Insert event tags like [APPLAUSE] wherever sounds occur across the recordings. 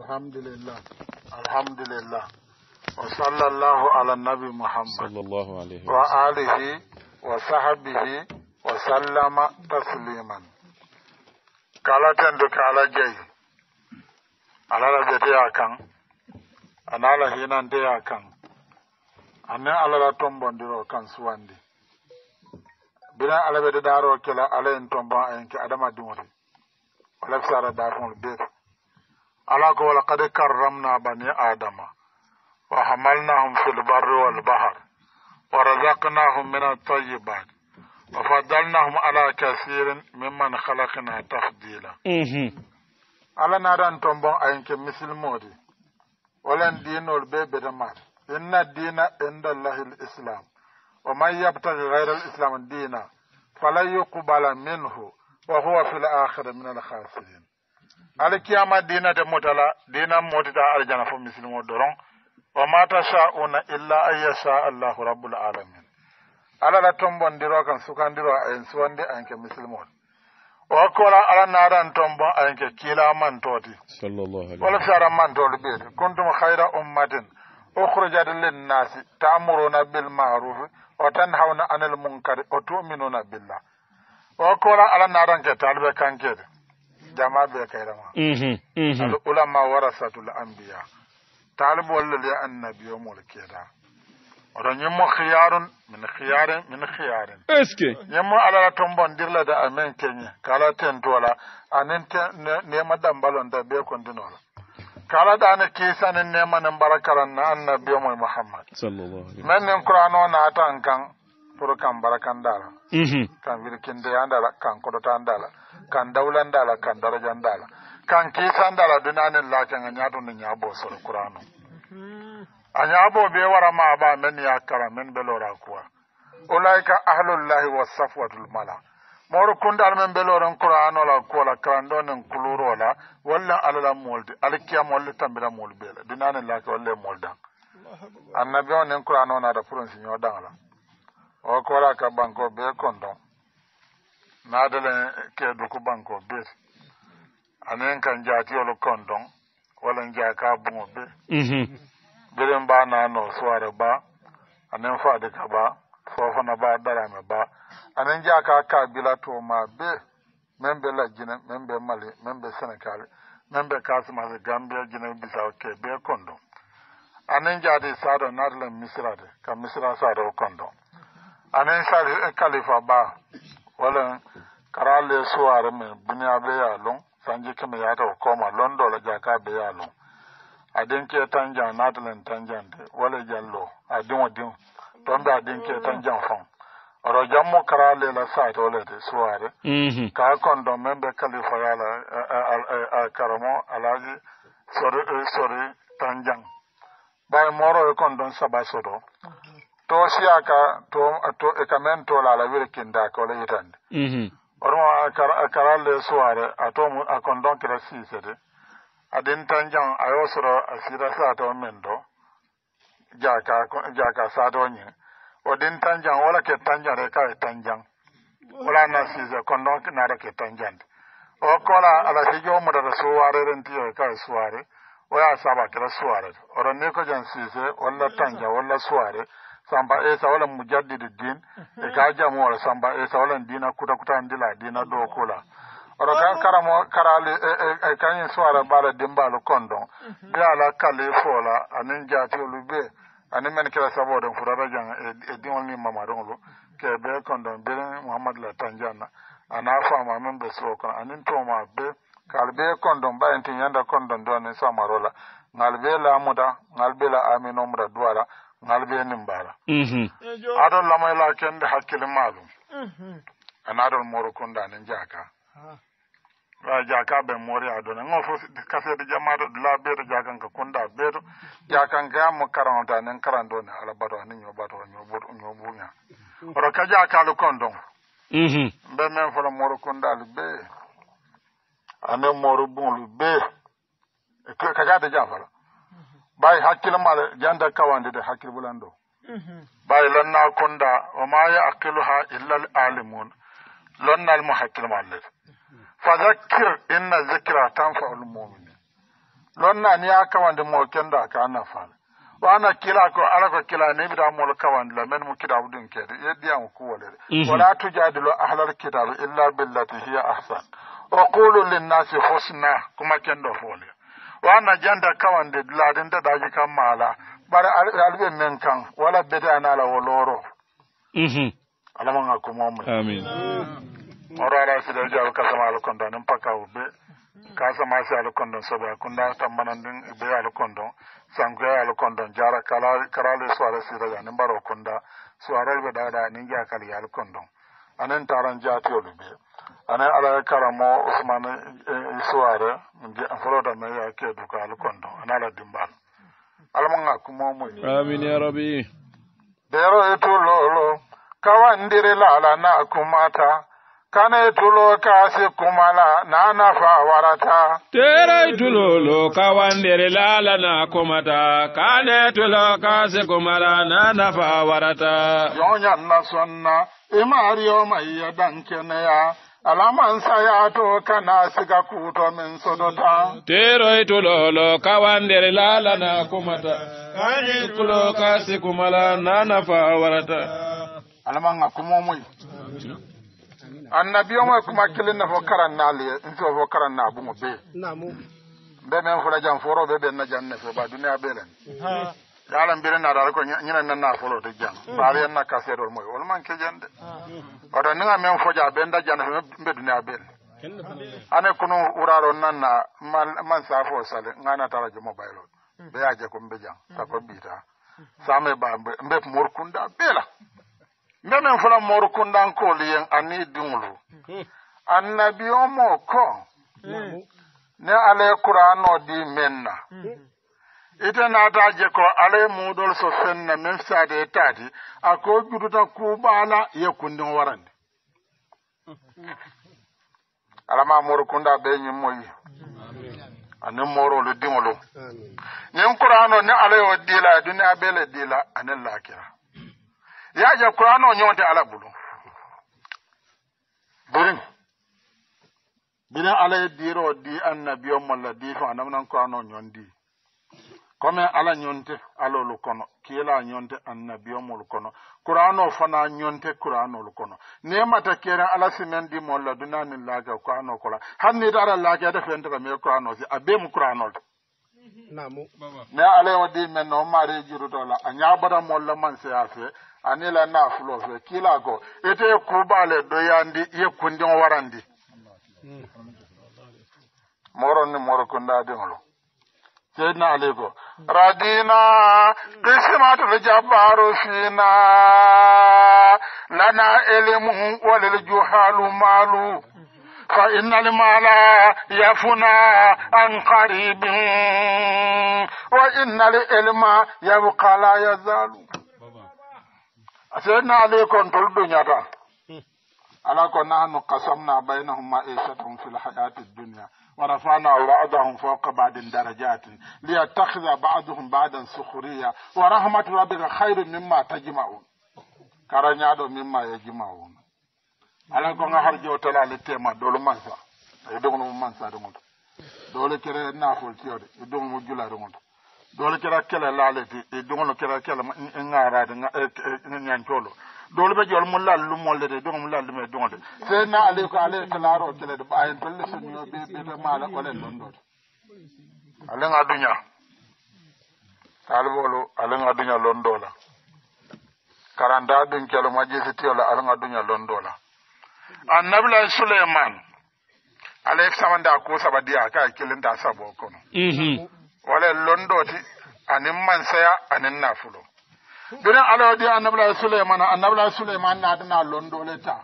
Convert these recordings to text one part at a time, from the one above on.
alhamdulillah alhamdulillah wa sallallahu ala nabi muhammad wa alihi wa sahabihi wa sallama tasliman kala tendu ka ala jeyi alala jeteya kan anala hinandeya kan annin alala tombondiro kan suwandi bina alaɓe de ɗaro kela alayin tombon ayinke adama dimoti walafisara dafol bete علاقه ولقد كرمنا بني ادم وحملناهم في البر والبحر ورزقناهم من الطيبات وفضلناهم على كثير ممن خلقنا تفضيلا. اها. على نرى ان تنبون اينك مثل مودي. ولن دين البيبي دمار. ان الدين عند الله الاسلام. ومن يبتغي غير الاسلام دينا فلن يقبل منه وهو في الاخر من الخاسرين. alay kiyama dinate mutala dinan mutita aljana fo misilimo doron wa ma tashauna illa an yasha allahu rabbul alamin alah la tombondiro kan sukandiro ayen suwandi ayenke misilimon o kola ala naran tombo ayenke kila mantoti wala sara mantoli ɓeyde kuntum hayra ummatin ukhrujat linnasi taamuruna bilmaruf o tanhawna anil munkari o tuminuna billah o kola ala naranke talibe kankede jamaɓe kayrama mhm, mhm. al ulama warasatul ambiya talibolle le annabio mol keeda oɗo ñimmo khiyarun min khiyarin min khiyarin ce ñimmo alala tombondirle de amen keñe kala tentola anin nema dambalonda ɓe kondinola kala dane kisanin nemanin barakaran na annabio mo mouhammad min nin kurano natan kan pour kan barakandala mhm. kan wirkindeyandala kan koɗotandala kan dawlandala kan darajandala kan kisandala dunanin lakin a yaduni yabosol kurano a yabo be warama aba men ya kara men belora kuwa ulaika ahlullahi wasafwatul mala moro kundal men beloren kuranola kuwola karando nin kulurola walla alala molde alikiya molle tambira mol bela dunanin lake walle mol dan annabi o nin kuranonada furunsi yo dangla o kuwola ka banko be kondon naadalen ke doku banko be anen kan olu kondon wala jaaka buŋo be mhm. birin ba naano suware ba anen faade ba fofana ba darame ba anen jaaka kabila to ma be membe la lajjine membe be mali membe be sénégal men be kasimase gambia jine bisawo ke be kondon anen jaade saado naatalen misirade ka misira saado kondon anen sali e kalifa ba wala karale suware me buniya be ya lon sanji kime ya ta koma londo la jaka be ya lon adin ke tanja natlan tanjan de wala jallo adin odin ton da adin ke mm. tanjan fon oro jammo karale la sa to le de suware mm-hmm. ka kondo men be kalifa ya la karamo alaji sori sori tanjan bay moro e kondon sabasodo to siyaka to to e ka men to laala wirkinda ko la yitande mhm. ormo a karalle soire a tomu a kon donkira siisede aɗin tan jang a yosoro a sira sato men ɗo jaka jaka sato ñin o ɗin tan jang wala ke tan jang re ka e tan jang wala na siise kon donk nara ke tan jande o kola ala hijo mudata suware rentiyo e ka e suware oya saba kira suware oro ni ko jang siise walla tan jang walla suware samba esa wala mujaddidi din mhm. e ka jamu wala samba esa wala dina kuta kuta ndila dina do mhm. kola oɗo ka karamo karali e, e, e kañum suwara ɓaala dimbaalo kondon ɓe mhm. ala kalli foola anin jaatiolu ɓe anin men kela saboɗen futata jan e, e diŋol ni mamaɗoŋolu ke ɓe kondon ɓeɗen mouhamadou la tandianna ana faama min ɓe suwo kono anin toma ɓe kal ɓe kondon ɓayentin yanda kondon do anin samarola ngal la laamuda ngal ɓe la aminomuda duwala nalbeenin mbaara mhm. aɗon lamayla kennde hakkille maɗum mhm. en aɗon moro kondani jaaka waa jaaka ɓe mori aɗone o fof kaseede jamaɗo ɗula ɓeeto jaakanka konda ɓeeto jaakankeyamo karanota nen karando ne ala bato ani ñoɓato ñoɓuña oɗo ka jaakali kondon mhm. mbe men fola moro kondali be anen moro bunlu be e kakade jam fala ɓay hakkille ma jannda kawande de hakkille ɓulan ɗo ɓay mhm. lonna konda o maya aqilu ha illa l alimun lonnal mo hakkille mallel fa zakkir inna zikra tanfa ul muminin lonna niya kawande mo kenda ka nafal wana kila ko ala ko kila ne bida mol kawande la men mo kitabu ɗin kede yeddiyamo kuwolere mhm. wala tujadi lo ahlal kitabe illa billati hiya ahsan wa qulu linnasi husna kuma kendo fole wanna janda kawande laaden daɗaji kam maala bara alɓe men kan wala bede anaala wo looro mhm. alamagakumomin oro ala sida ji alkasama alkondo nin pakawo ɓe kasamasi alkondo soɓe akunda tambana ndin ɓe alkondo sangoya alkondo jara karale suwara siraja nin mbaro kunda suwaralɓe ɗaɗa nin jakaliya alkondo anin taran jatiyoluɓe ana ala karamo usman eh, suware nge afroda me ya ke duka alkondo ana ala dimbal almanga kuma mu amin ya rabbi dero etulolo kawandire lala na kumata kane tulo kasi kumala na nafa warata tere tulolo kawandere lala na kumata kane tulo kasi kumala na nafa warata yonya na sonna imari o mai ya dankeneya alamansayaato kana siga kuutomin na kumata kañilkulo sikumala nanafa warata annabi kuma na fo nso fo karanna bumo bee mbe men fula jam foroɓe na janne fo ba yaala mbirenaa ara ko ñinen nanna folote jan mm. baare en nakka seedol moy wol manke jande ah. oto ni ga men fojaa ɓe dajjana fe mbedduni a ɓeen ane kono wuraaro nanna man sa fo sale ganataradio mobile ot ɓe mm. yaaje ko mbe jan sako mbiita mm. same ba mbe morkunda ɓeela mbe men fola morkundankoolu yen ani dunglu annabi o mo ko ne ale kuraano di men na ite naata [LAUGHS] je ko alay muɗol so fenna min saade e taati a ko jututa kuuɓaala ye kundin warande alama moro kunda ɓe ñimmoyi anin morolu diŋolu ñin kurano ni alay o diila e duniya ɓe le diila ya lakira yaje kurano ñonte ala bulu birin birin alay diiro di annabiyo molla di to anamnan kurano ñon di kome ala yonte alolu kono kiila yonte annabiyomolu kono kuranoo fana yonte kuranolu kono nimata keren ala simen dimol la dunanin lake kurano kola hannita ara lake ade fentoka me kurano si abemu kuranol ne alayo di men no mari juruto la a ñabata molla man seya fe anila na fulo fe kiila ko ete kubale doyandi ye kundin warandi hmm. moro ni moro kundadinolo seydina aley bo radina kisimato lo jabbaro fina lana elimu walel juhalu malu fa innal mala yafuna an qaribin wa innal ilma yabka la yazalu seydina aley kon tol duñata hmm. ala ko nahnu kasamna bainahuma isatum fi lhayati dunia warafana bacdahum fawqa baadin darajatin liyattakhida baduhum badan sukhuriya wa rahmatu rabbika khayrun mimma tajmaun karañaɗo mimma yajima un ala ko gahar jewtalale tema dolu mansa ay dugnumu mansa rugoto dole kere nafol tiyode i dugnumu jula rugoto dole kera kele lale ti i dugnu kera kele ngarade ñancolo dole ɓe jol mo lallu mollete dong mo lallu me dongde se na ale ko ale claro telede ɓayen pelle senio ɓe ɓeɓe maala kolen londode aleng aduña talbolo aleng aduña londola karanta ɗum kelo ma jesi tiola aleng aduña londola annabila suleiman ala samanda ko saba diya ka kelenta sabo kono mhm. wala londoti anin mansaya anin nafulo bina alawadi annabilaye souleymana annabilaye souleyman naatana londole ta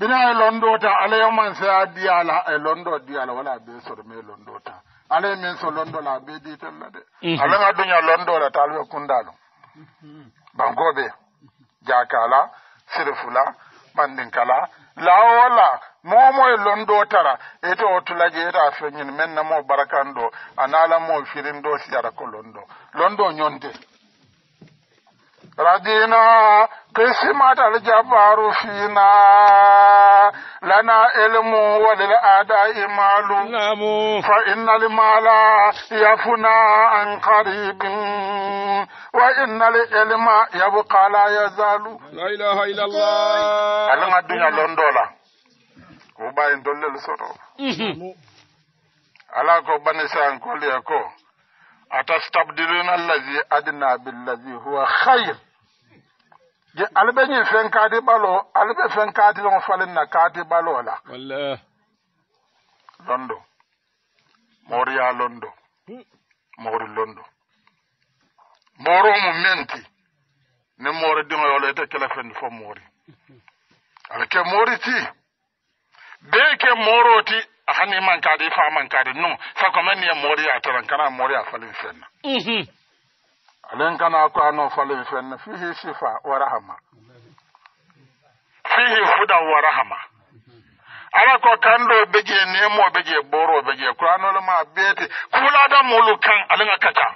bina ye londo ta ala yoman saya diyala e londo diyala wala be sotome londo ta ala ye min so londola be ditella de mhm. alaga duña londola ta alaɓe kundalu bankoɓe jakala sirfula ɓandinkala lawola momoye londo tara ete o tulaje ete a feñin men namo barakan ɗo anaalamo firin ɗo siyata ko londo londo ñonde رضينا قسمة الجبار فينا لنا علم وللأداء مال فإن المال يفنى عن قريب وإن العلم يبقى لا يزال لا إله إلا الله ألنا الدنيا لندولا وباين دلل صرو ألا كو بني سانكوليا كو atastabdiruna allahi adna billahi huwa khayr je alɓe ñi fenkaati ɓalo alɓe fenkaati lon falinna kaati ɓalo la londo moriya londo hmm. moori londo mooro mu menti ni moori diŋoyole ite kelefendi fo moori hmm. ala ke moori ti ɓee ke mooro ti a hanni mankade fa mankade non sako man niye moori yataran kana moori a falin fenna mhm. alen kana kwa no falin fenna fihi sifa wa rahama fihi huda wa rahama ala ko kan ɗo ɓe je nemo ɓe je ɓoro ɓe je kuranolema beete kulada molu kan alenga kaca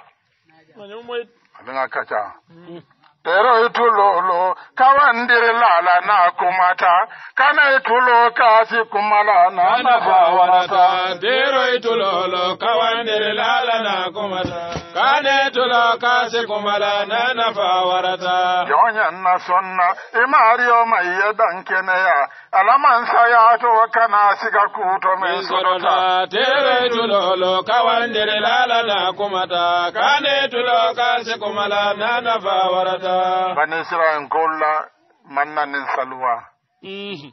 alenga kaca mm -hmm. ero etulolo kawandiri lala na kumata kana etulo kasi kumalana mabawarata ero etulolo kawandiri lala na kumata kane tola kase kumala na nafa warata yonyan na sonna imario mai ya dankene ya alaman saya to kana siga kuto me sorota tere tulolo kawandere lala na kumata kane tola kase kumala na nafa warata bani israel kola manna nin salwa mhm.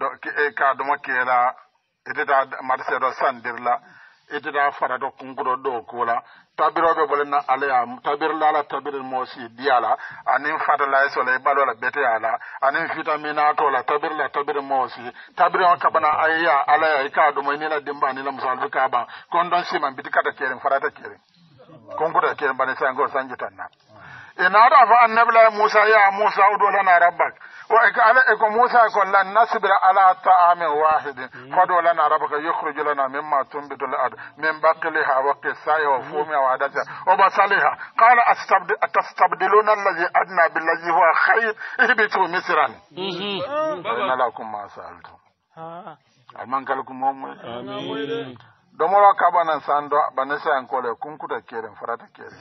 do ke e ka e do makela ededa marsedo sandirla mm -hmm. itida fara do kunkudo do kula tabiro be bolen na ala ya tabir la la tabir mo si diala anin fata la so le balo la bete ala anin vitamina to la tabir la tabir mo si tabir on kabana ayya ala ya ka do mai ni la dimba ni la musal ka ba kon don si man bidika ta keren kere ta keren kunkudo bane sango na e naata fo annabila moussa yaha moussa oɗo lana rabbak wa eko ala eko moussa ko lan nasbira ala taamin wahidin hmm. fodo lana rabbaka yukhruju lana mimma tumbitu lard min bakiliha wa kissai wa fumia wa adasa oba saliha qala atastabdiluna allazi adna billazi huwa khair ihbitu misran mhm. faina lakum ma saaltum amankalkumomu ɗomolo kaɓanan sando ɓanesa yankole kunkuta keren farata keren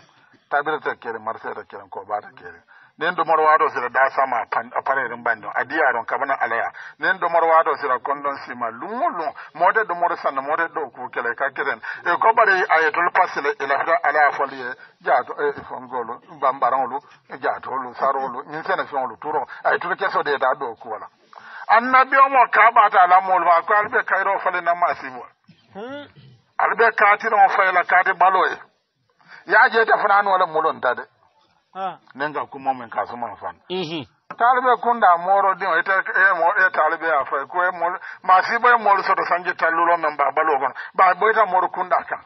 tabira tekkere marché tekkere koɓa tekkere nen ɗomor waɗo sira da sama appareil ɗum ɓanni on a diya ɗon kabana alaya nen ɗomor waɗo sira konɗon sima lumo lum mode ɗomore sanna mode ɗo kukele kakkeren e ko ɓare ayetol pasle elafta alaya folie jato e fongolu bambaronlu e jatolu sarolu ñin sene fenlu touro ayetol kesoɗeta ɗo ku wala annabi omo ka ɓata lammol ma ko alɓe kayro fale namasimo hmm. alɓe katiron fayla kati baloye yaaje te fanaani wala mulon ta de nen ga kuma men ka suma fan mhm. talibe kunda moro din o e ita e mo e talibe a fa ko e mo ma si boy mo so to sanje tallulo men ba balo gon ba boy ta moro kunda ka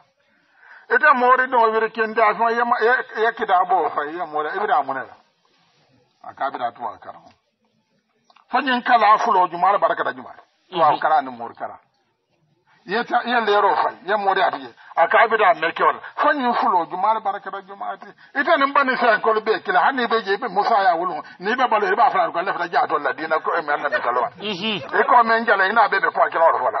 ita e moro din e o wiri kende a fa ye ye kida bo fa ye mo e bira mo ne a ka bira to a kara fa nyen kala afulo jumara baraka da jumara to a mhm. kara ne mor kara yiyen leero fay yen mori adi ye a ka abida mekewol fañin fulo jumaale barakata jumaati ita nin bani fenkolo ɓe kila hanni ɓe jeyi ɓe musa ya wulgo ni ɓe ɓalo ɓa fana ko lefta jaatolla dina ko e mi annamitalowa mhm. i ko men jala ina ɓe ɓe poakila wol fola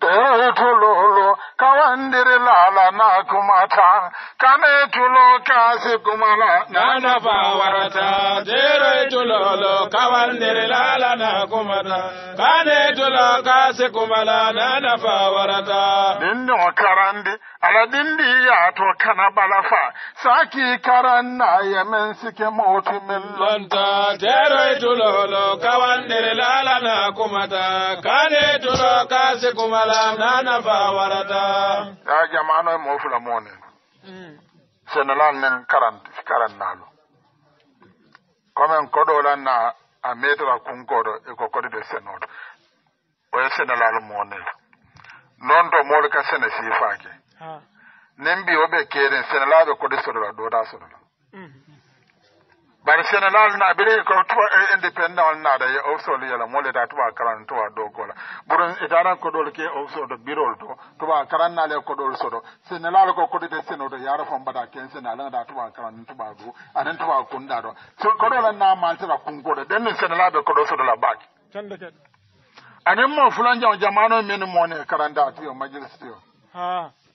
tetulolo kawandire lala na kumata kanetulo kasi kumala nanafa warata teroitulolo kawandire lala na kumata kanetulo kasi kumala nanafa warata ninno karandi ala dindi yato kana balafa saki karan na yemen sike moti millonta teroitulolo kawandire lala na kumata kanetulo kasi kumala wala nana ba warata ya jama'ano e mofula mone mm. sene lan nen karan karan nalo kome en kodo lan na a metra kun kodo e ko kodo de senoto o e sene lan mone non to mol ka sene si faake nen bi obe kere sene lan be kodo sodo la do da sodo la bar sénégal na bire ko tuwa e eh, indépendant naɗa ye ofsole yala mole da tuwa karan tuwa ɗo gola ɓuron idaran eh, koɗol ke ofsoɗo birol to tuwa karan nale koɗol soɗo sénégal ko koɗude sénoɗo yarafon mbaɗa ken sénégal da tuwa karan tuwa du anen tuwa kunɗa ɗo so koɗola na maltira kunkoɗo ɗenni sénégal ɓe koɗo soɗo la baki anen mo fulanjaw jamano min mone karan da tuyo majlis tuyo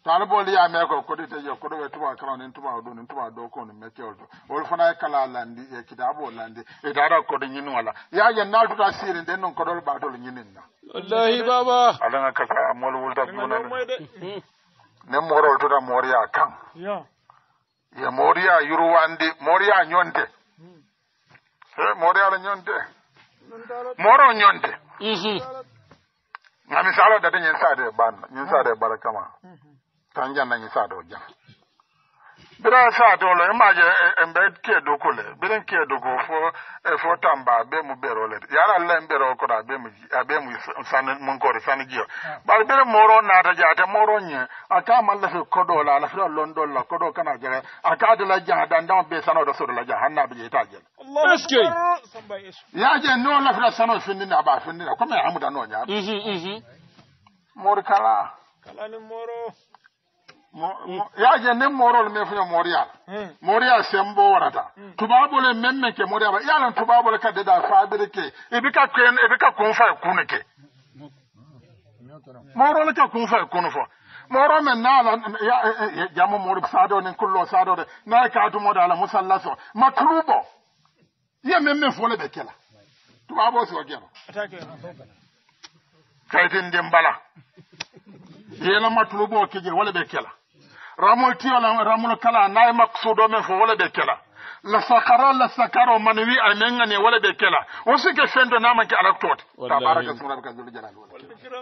to ala booli yaame ko koɗite yo koɗo ɓe tuba kara nin tuba o ɗo nin tuba dow ko ni mekkewol to wol fana e kala landi e kitabu o landi e daɗa koɗo ñinin wala ya ye naatuta siiri nden noon koɗol ɓatol ñinin na wallahi baba alaga kasa mool wulta juna nden moorol tuta mooriya kan ye mooriya yurwandi mooriya ñonte e mooriya ɗa ñonte mooro ñonte mhm. ngami saalo dade ñin saade e ɓanna ñin saade e bara kama mhm. tan janndañi saadoo jam mbiɗa saadoolo e maaje embe e keedoko le mbiɗen keedoko fo e fo tamba bee mu ɓero le yaara alla e mbero kota bee mu bee mu sani mun kori sani jiyo ɓaɗa mbiɗen moro naata jaate moro ñe a kaama la fe kodoola ala fita londol la kodoo kana jege a kaade la jaha dandamo bee sano ta sodo la jaha hannaa ɓe jeyta jele yaaje noo la fita sano finndina aɓa finndina comme amuda noo ñaa mhm, mhm. mori kala kalani moro yaaje nden morol me fuyo moriya moriya hmm. sembo warata hmm. tubabole memmeke moriyaa yalan tubabole kadde da fabiri ke ebika ken ebika kunfaye kuno ke morole e ke kunfaye kuno fo moro men naala e, e, jamo mori saado nen kullo saado de nayi kaatumode ala musallaso matrubo ye memme fole ɓe kela tubabo so gero kaytin ndin bala yela matrubo kijil wala ɓe kela ramo tiyola ramulo kala naye maksudo men fo wala ɓe kela la sakara la sakaro man wi a mengani wala ɓe kela o sike fendo namanke alak tote tabaraka sun rabbika zul jalal wal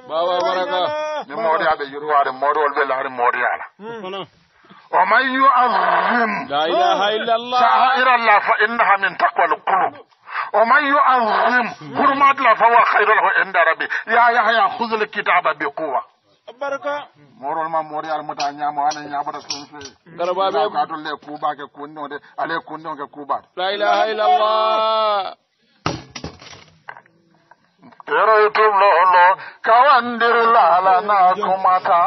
bawa baraka ni mawdi aɓe yurwade mawdi wol ɓe laari mawdi ala ومن يعظم لا إله إلا الله شعائر الله فإنها من تقوى القلوب ومن يعظم حرمات الله فهو خير له عند ربي يا يحيى خذ الكتاب بقوة barka morol ma mori almuta ñamo ana ñabata sun fe gara babe ka to le kuba ke kunno de ale kunno ke kuba la ilaha illa allah tero itum lo lo kawandir la la na kumata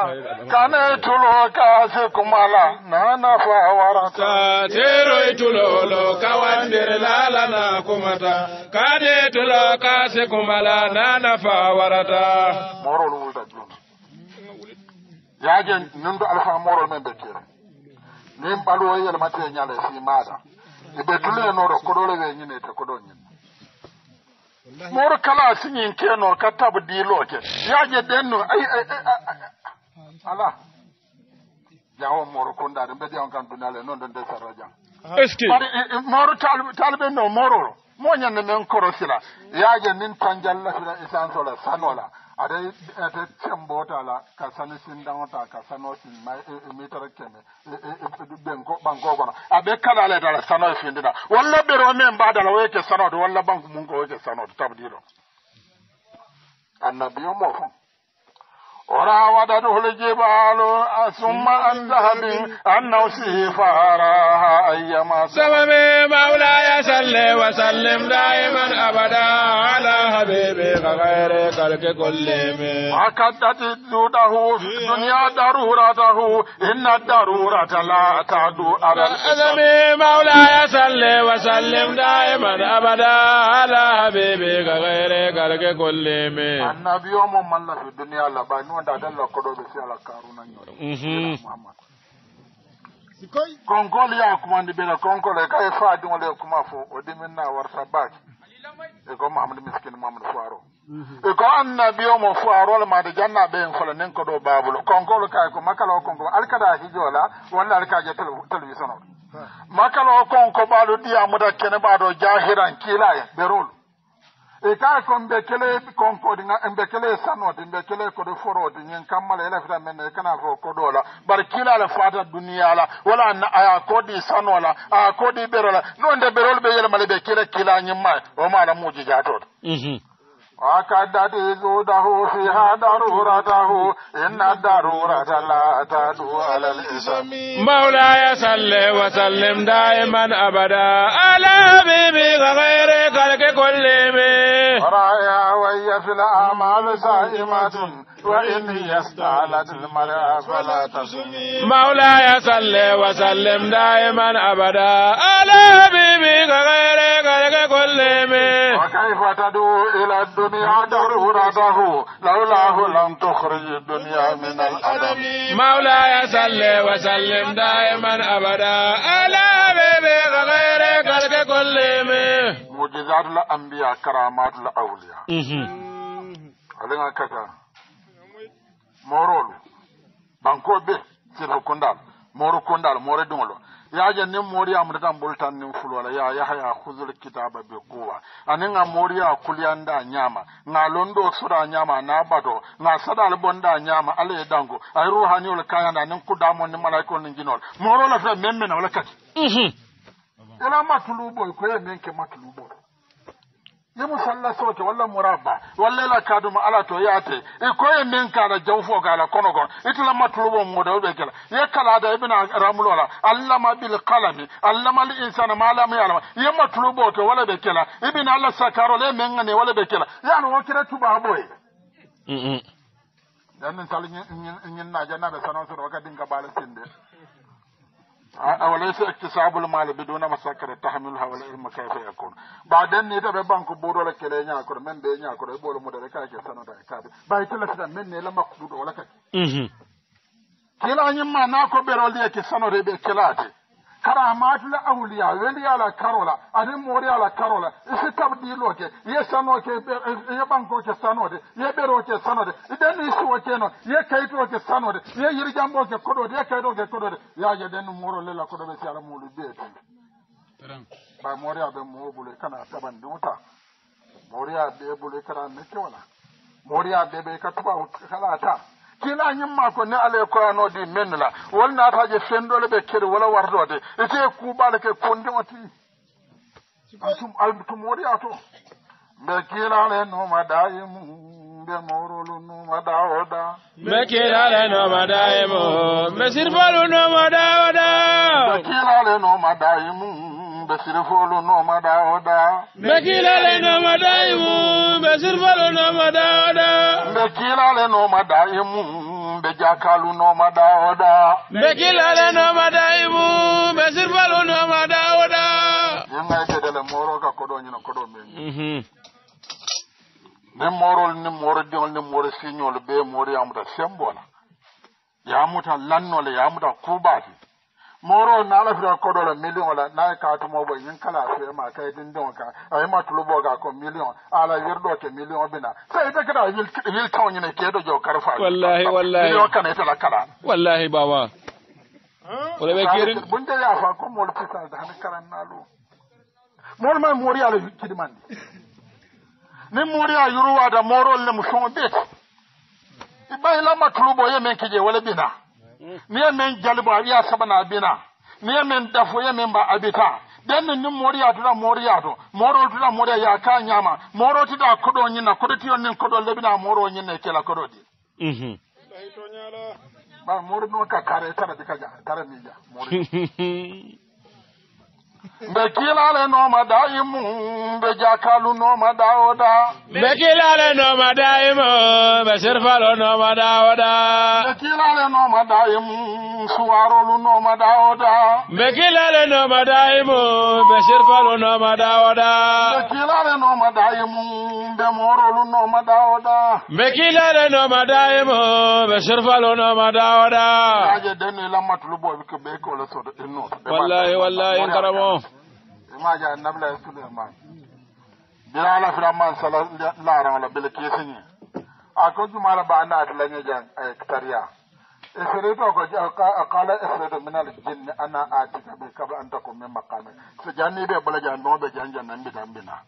kane tulo ka se kumala na na fa warata tero itulo lo kawandir la la na kumata kane tulo ka se kumala na na fa warata morol yaaje nundu alfa morol men ɓe kere min ɓaluwo yelmate ñale si maɗa e ɓe tulenoɗo koɗo le weñinete koɗo ñin moro kala siñin keno kattaɓo diloke yaaje ɗenno ay ala jawo moro kondade mbeɗe on kan dunale noon ɗo nde sara jan ar e, e, moro taliɓe no morol moñande men korosila yaaje min tan jallafira essence ola sanola aɗay ete cembotala ka sani sindaŋota ka sano sin ma e, e, métre keme ɓen e, ko ɓankokono aɓe kalale dala sano e findina walla ɓero men mbadala woyeke sanode walla banque mun ko woyeke sanode tabdiɗo annabi yo mo fon وراودته الجبال ثم عن ذهب عن نفسه فأراها أيما سممي مولاي صل وسلم دائما أبدا على حبيبك غير خلق كل من اكدت جوده الدنيا ضرورته إن الضرورة لا تعد أبدا سممي مولاي صل وسلم دائما أبدا على حبيبك غير خلق كل من النبي يوم أمم من في الدنيا لبنوا wonda dalla koɗoɓe si ala karunañoɗmuhammad sikoy konngol ya kumandi ɓeno konngol e kay faadiole kuma fo o ɗimminna war sabbaki e ko mahamad miskine mahamad foir o mhm. e ko annabi o mo foirol made jannaɓeen fola nen ko ɗo babol konngol kay ko makkala o konko alkada hijoola walla alkaje télévision oɗo makkala o konko ɓaɗo ɗiyamuda kene ɓaɗo jahiran kiila en ɓerolu e kaa kon mbe kele konkoodi ga mbe kele sanwoodi mbe kele koɗo forowoodi ñin kammala elafita menne e, e kana ko koɗola bar kilala fata duniya la wala na aya koɗi sanola aa koɗi ɓerola non nde ɓerol ɓe yelmala ɓe kila kila ñimma o maala muujijatoɗo mhm. wakadadizudahu fiha daruratahu inna darurata la tadu ala lisami mawla ya sallim wa sallim daiman abada ala habibi ka gayre kalke kollimin ورأيها وهي في الأعمال سائمة وإن هي استعلت المرأة فلا تصمي مولاي صل وسلم دائما أبدا على حبيبك غير غيرك كل وكيف تدعو إلى الدنيا ضرورته لولاه لم تخرج الدنيا من الأدب مولاي صل وسلم دائما أبدا على حبيبك غير غيرك كل la معجزات الأنبياء كرامات الأولياء ألينا كذا مورول بانكو بي سيدا kunda مورو kunda مورو دونلو ya je nin moriya mu tan bultan nin fulwala ya ya haya khuzul kitaba bi quwa anin a moriya da nyama nga londo sura nyama na bato nga sadal da nyama ale dango ay ruhani ul kayanda nin kudamo nin malaikon nin jinol moro la fe memme na wala kati ala matuluɓoy koye min ke matuluɓol yemu salla sote walla mouraba walla ila kaduma ala to yaate e koye min kaala jawfogaala kono gon itala matuluɓo muda oɓe gela ye kalada ibina ramulola allama ɓil kalami allama l insana ma alamu yalama ye matuluɓo to wala ɓe kela ibina allah sakarol e min gani wala ɓe kela yaani wokira tubaɓoye yannin tal ñinnaja naɓe sanosoro oka dinga baala sinde aw laysa ictisabul mali biduna masakkata tahmiluha wala ilma kayfa yakunu baden ni taɓe banque ɓuurola kele ñakoto min ɓe ñakoto e ɓoolo mudere kake sanota e kaɓe bay telatina min ni la makkuɗuɗo ola kake mhm. kila ñimma na ko ɓerol ndiyeke sanoteɓe kelate karahamatula aulia weliyala karola ani moriyala karola isi tabdiloke ye sanoke ye bankoke sanode ye ɓeroke sanode ɗenni isiwokeno ye kayitoke sanode ye yirjamboke koɗode ye kayitoke koɗode yaje ɗenni morolela koɗoɓe siyala muulu beeti ba moriya ɓe moɓule kana tabandi wuta moriya ɓeɓule kara mekewala moriya ɓeɓe ka tuba kalata hakkila yimmako ne ala koyano ɗi mennila wol nataje fenɗole ɓe kedi wala wardode ete kuuɓale ke kondema ti tum albitum woɗiya to ɓe kilale noma dayimu ɓe mawrolu noma dawoda ɓe kilale noma dayimu ɓe sirfalu noma dawoda ɓe kilale noma dayimu ɓe sirfolu nomaɗa oɗa ɓe kilale nomaɗa imum ɓe sirfolu nomaɗa oɗa ɓe kilale nomaɗa imum ɓe jakalu nomaɗa oɗa ɓe kilale nomaɗa imum ɓe sirfolu nomaɗa oɗa yimnayi gedele moroka koɗoñino koɗo men mhm. ni morol ni moro diol ni moro siñol ɓe moro yamuta sembola yamuta lannole yamuta kuubati moro nalafira kodola million la naye katumoɓo yin kala fema kaye dindiŋo kan ayima tuluboga ko million ala yirɗo ke million bina saide kata yil taw ñine keeɗo jo karfamillion kane tala kalanwallahi baba bunde yafa ko molo puissance hani karannalu molo ma mori ala kidimandi ni mori a yuruwada morol lemu soŋo ɓet i ɓayilama tuluboye men kije wala bina Mm. miye min jalibo awiya sabana abina miye min ɗafo ye min ba abita ɗen ni nin moriya tuta moriya to moro tuta moriya ya ka ñama moro tita koɗo ñinna koɗo tiyo nin koɗo lebina moro ñinna kela koɗo di mhm. ba moro noka kare tara dika ja kara mi ja mori [LAUGHS] mbe kilalenoma dayimu mbe jakalunoma dawoda mbe kilalenoma dayimu mbe serfalonoma dawoda mbe kilalenoma dayimu suwarolunoma dawoda mbe kilalenoma dayimu mbe serfalonoma dawoda mbe kilalenoma dayimu mbe morolunoma dawoda mbe kilalenoma dayimu mbe serfalonoma dawoda aje deni lamatulubobi ko ɓe kolo soda ɗinnoto wallahi wallahi karamo ما جاء النبلة سليمان بلالة فرمان صلى الله عليه وسلم بلكيسيني أكو جمال بانا أدلني جان اكتريا إسريت أقال إسريت من الجن أنا آتك قبل أن تكون من مقامي سجاني بي بلا جان نوبة جان جان نمي دان بنا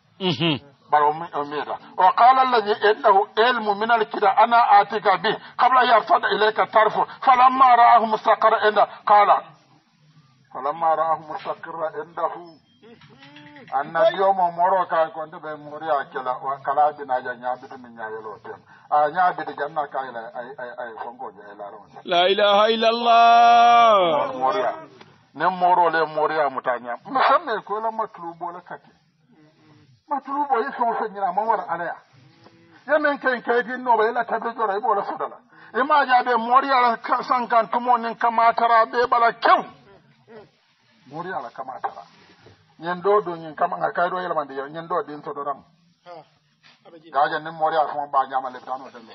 وقال الذي إنه علم من الكرة أنا آتك به قبل أن يرصد إليك الطرف فلما رأه مستقر عنده قال فلما رآه مستقر عنده annabi o mo moro kay ko nde ɓe mori a kela kala abinaja ñaabide mi ñayelo ten a ñaabide janna kayla a fongoje e laro la ilaha illallahmoria nen morole moria muta ñam mi samme koyla matuluɓole kati matuluɓo yi fewo feñina mo wara alaya yamin ken kaydinnoɓa yila tabi jora yɓole sodala imajaɓe e moriala sankantumo nin kamatara ɓe ɓala kew moriala kamatara ñen ɗo duñin kam aga kayi ɗo yelmande yo ñen ɗo ɗin soɗo tan gaja nin mori a fuma ɓa ñama lebtano ten ɗo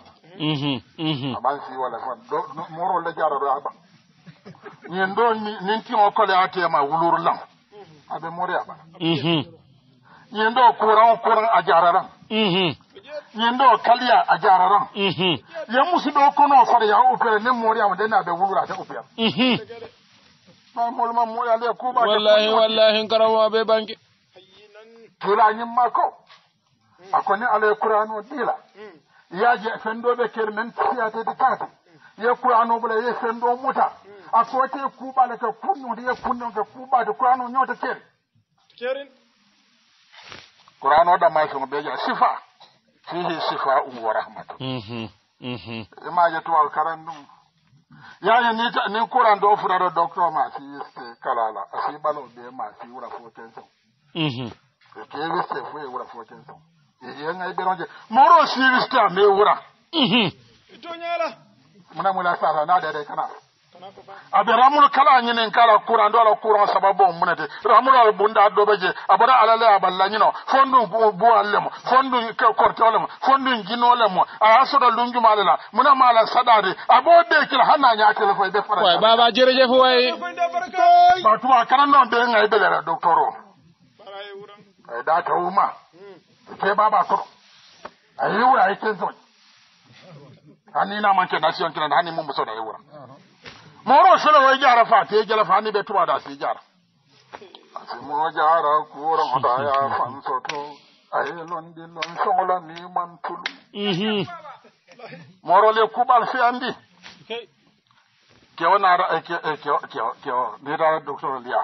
mhm, mhm. a ɓan si wala fa ɗo moro le jara ɗo aɓa ñen ɗo nin tino kole a tema wulur lang mhm. aɓe mori aɓa ñen ɗo kuran kuran a jara tan ñen ɗo kaliya a jara tan ye musiɗo kono fara ya upere nin moriama ɗen aɓe wulurate upere wallahi wallahi karama be banki tulañin ma ko akoni alay qur'ano dila mm. yaje fendoɓe ker men tiyatede kaati mm. ye qur'ano bula ye fendo muta mm. a sote kuuɓale ke kunnode ye kunnonke kuuɓade qur'ano ta keri kerin qur'ano ɗamay sogo ɓe jaa sifa fihi sifa um wa rahmatu mm-hmm. Mm-hmm. E je tuwal karan ɗum yaye ni ni kuran do fura ɗo docteur ma si yiste kalala asi ɓalo ɓe ma si wura foten son mhm. e ke wiste fo e wura foten son e yengay ɓeronje moro si wiste a me wura mhm. e to ñala mona mula sara na dede kana abe ramulu kala ñinin kala kuran do ala kuran sababu munete ramulu al bunda do beje abara alale le aballa ñino fondu bu allem fondu korte olem fondu jino a ala soda lungu malala muna mala sadari abode kil kila hana nya kala fay be fara Wai baba jereje fo way batuma kana non de ngai be la doktoro ay eh, da ta uma ke baba ko ayi wura ay kenzo ani na manke kin da hani mun muso da yi wura mawro solo wa jara fa te jala fa ni be tuba da si jara asi mo jara kura mo da ya fan so to ay lon di lon so la ni man tulu mhm mawro le kubal fi andi ke wona ra ke ke ke ke ni da doctor li ya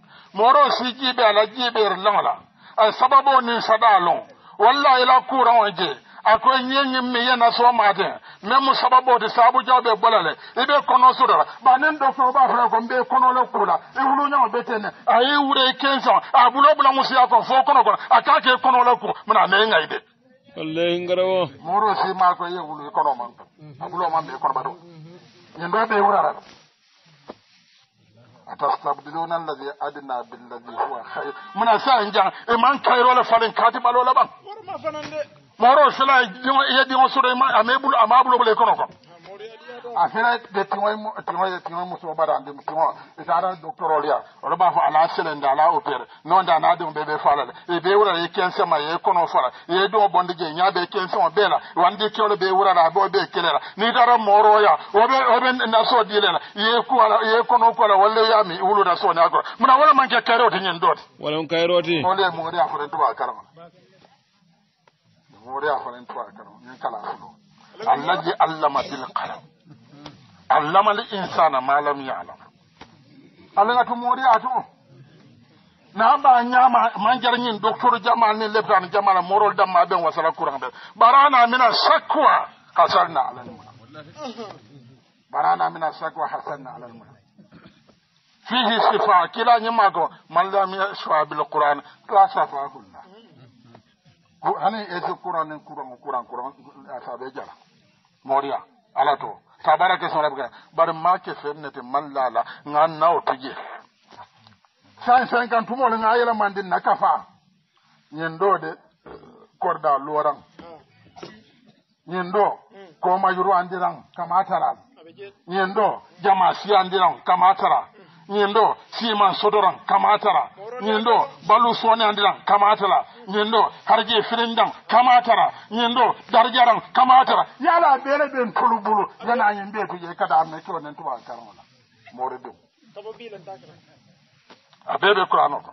moro si jiiɓe ala jiiɓeer laŋla a sababo nin saɗaa lon walla ila kuran o je akoye ñeñin mi yena somaaten même sababode saabujawɓe ɓolale i ɓe kono sudora ba nin docteur ɓa fara ko mbe konole kuula i huluñama ɓe tene ayi wure kensan a ɓulo ɓula musiya ko fo kono kono a ka ke konole kuu mina mei ŋay de wallayi ngarawo moro si maa ko ye wulu i e konoman a ɓulomanɓe kono ɓa ɗo ñin ɗo ɓe wurara أتستبدلون الذي أدنى بالذي هو خير من أسان جان إمان ولا لفالين كاتب ألو لبا مورو سلا يدي وصول إمان أمابلو بلي كنوكم a hiray de tiwoye tiwoye musimo mbaɗa ndi musimo isa arani docteur olya oɗo ɓaa fo ala selende ala opére nonde ana ɗum ɓe ɓe falale e ɓe wurala ye kensema ye kono fala ye ɗum o bonde jee ñaaɓe kensemo ɓeela wandi kewle ɓe wurala ɓe ɓe kelela ni tara moroya oɓe oɓe naso dilela ye kuala ye kono kuala walle yami wuluna sone agora mina wala manque kayroti ñin dode wala on kayroti ole mori a foren tuba karama mori a foren tuba karama ñin kala fulo allaji allama bil karam allama li insana ma lam yalam allah gatu moori a to na ɓa ñama manjara ñin docteur jamal nin lebtani jamala morol damma ɓen wasala courant ɓe ɓarana mina sakua hasanna ala lmuna ɓarana mina sakua hasanna ala lmuna fihi sifa kila ñimmako man lam yashfa bil quran la safa hulla ani esi couran nin couran couran couran asaɓe jara moriya ala to ta bara question rabga bar ma ke fennete mallala ngan nao tuje san cinquante tumole nga yela mandin na kafa ñin ɗo de korda loran ñin ɗo ko majuru andiran kamataral ñin ɗo jama si andiran kamatara ñin ɗo fima sodoran kamatara ñin ɗo ballu soni andiran kamatara ñin ɗo harje firinidan kamatara ñin ɗo darjaran kamatara yala ɓele ɓen tolu bulu yana yin ɓe kuje kada arne kiro nen tuba karmona moore ɗum a ɓeɓe kurano ko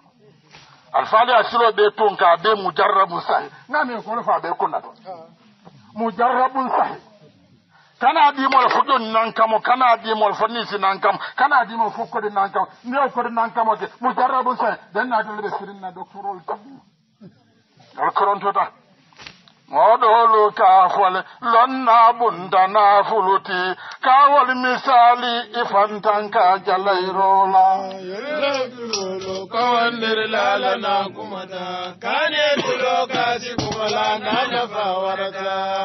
alfaali a siro ɓe tun ka ɓe mujarrabu sahi namin kono fa ɓe kunna to mujarrabu sahi kana dimol hoƴol nankamo kana dimol fo nisi nankam kana dimol fof kode nankam ndiya kode nankamo ke mo jarra ɗum sa dennagaleɓe sirinna docteur ol tigi docteur on tota moɗolu kaahwal lonnaabundana fuluti kaawol misaali ifantanka jalayrola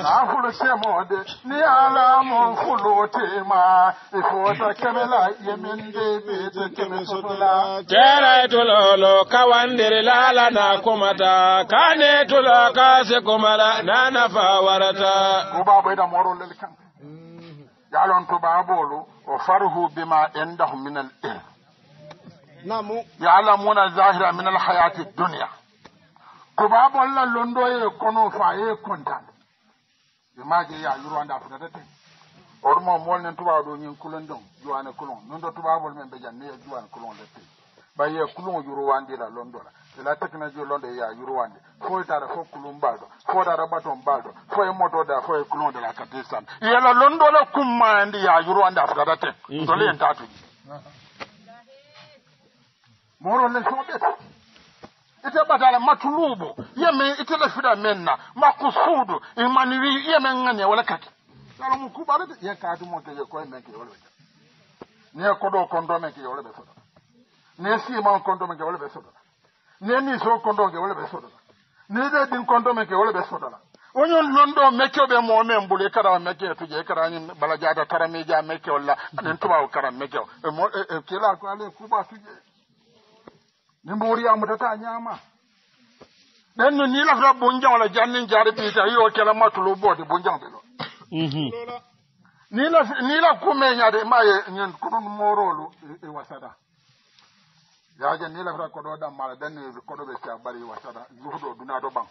naful semode ni alamun fulutima ifota kemela yeminde bite keme sotula keraytulolo kawandir lala na kumata kane tulo kasi kumala na fa warata uba bai da moro lalkan yalon to babolo o farhu bima indahum min al ilm namu ya'lamuna zahira min al hayati dunya ko babol la londo e kono fa e kontan imaje ya yuro anda futata te ormo mol nen to babo nyin kulon don juwana kulon non do tuba bol men be janne juwana kulon lette baye kulon yuro wandira la londo la la tekna jolonɗo ya yurwande e fo tara fo kulum baɗo fo tara ɓaton baɗo fo e motoɗa fo e kulonde la kadistan yela londola kummandi ya yurwande a fotata ten mhm. tole en tatuji moro lesoɓet ite ɓatala matuluɓo yemen ite lefiɗa men na makku suudu imani e wi yemen gane wala kake sala mu kuɓarede ye kadumoke ye koye men ke yole ɓe ni e koɗo kondo men ke yole ɓe soɗata ni e siman kondo men ke yole ɓe soɗata nenni so kondo ge wole ɓe sodola nide ɗin kondo men ge wole ɓe sodola woñon londo mekkeoɓe momen bule kara o mekke tuje kara ñin bala jada taramija mekke olla anen tubawo kara mekkeo kela ko ale kuba tuje ne mboriyamo tata ñama ɗen no nilafta bunjang ola jannin jare ɓita yo kela matulu boode bunjang ɓe ɗo nila nila kumeñade maye ñen kuɗun morolu e, e, e wasata yaaje nilafra koɗo ɗam mala danniɓe koɗoɓe si a ɓari wasata juhɗo dunaɗo ɓan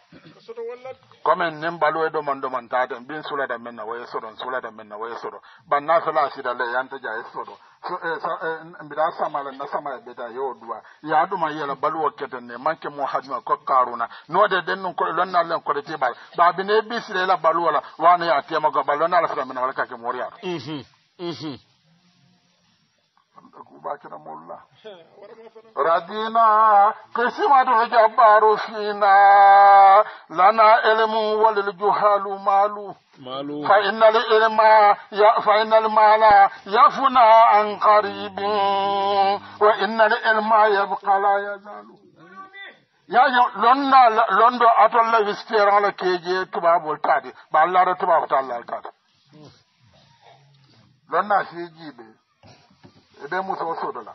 commen nin ɓalowe ɗo man ɗoman taten ɓin suulata men na woye soɗo suulata men na woye soɗo banna fela sida le yanta dia e soɗo eh, eh, mbiɗa samala na sama e ɓeta yo duwa ya ɗuma yiyala baluwo keten ne manque mo hajuma ko karuna node ɗen num koɗe lonnal len koɗe teɓal baabi ne ɓisiɗela baluwola wano ya temago ba lonnala fira men walla kake moriyata ɗo kuɓakira molla radina kesimaɗoo e jabbaro fina lana elemu walel johalu malu fa innal mala yafuna an karibin wa innal ilma yabkala yazalu yaño lonna londo atolla wistiranla keje tubabol taade ɓa laro tubabo ta lal tade hmm. lonna sejiɓee e ɓe musa o soodola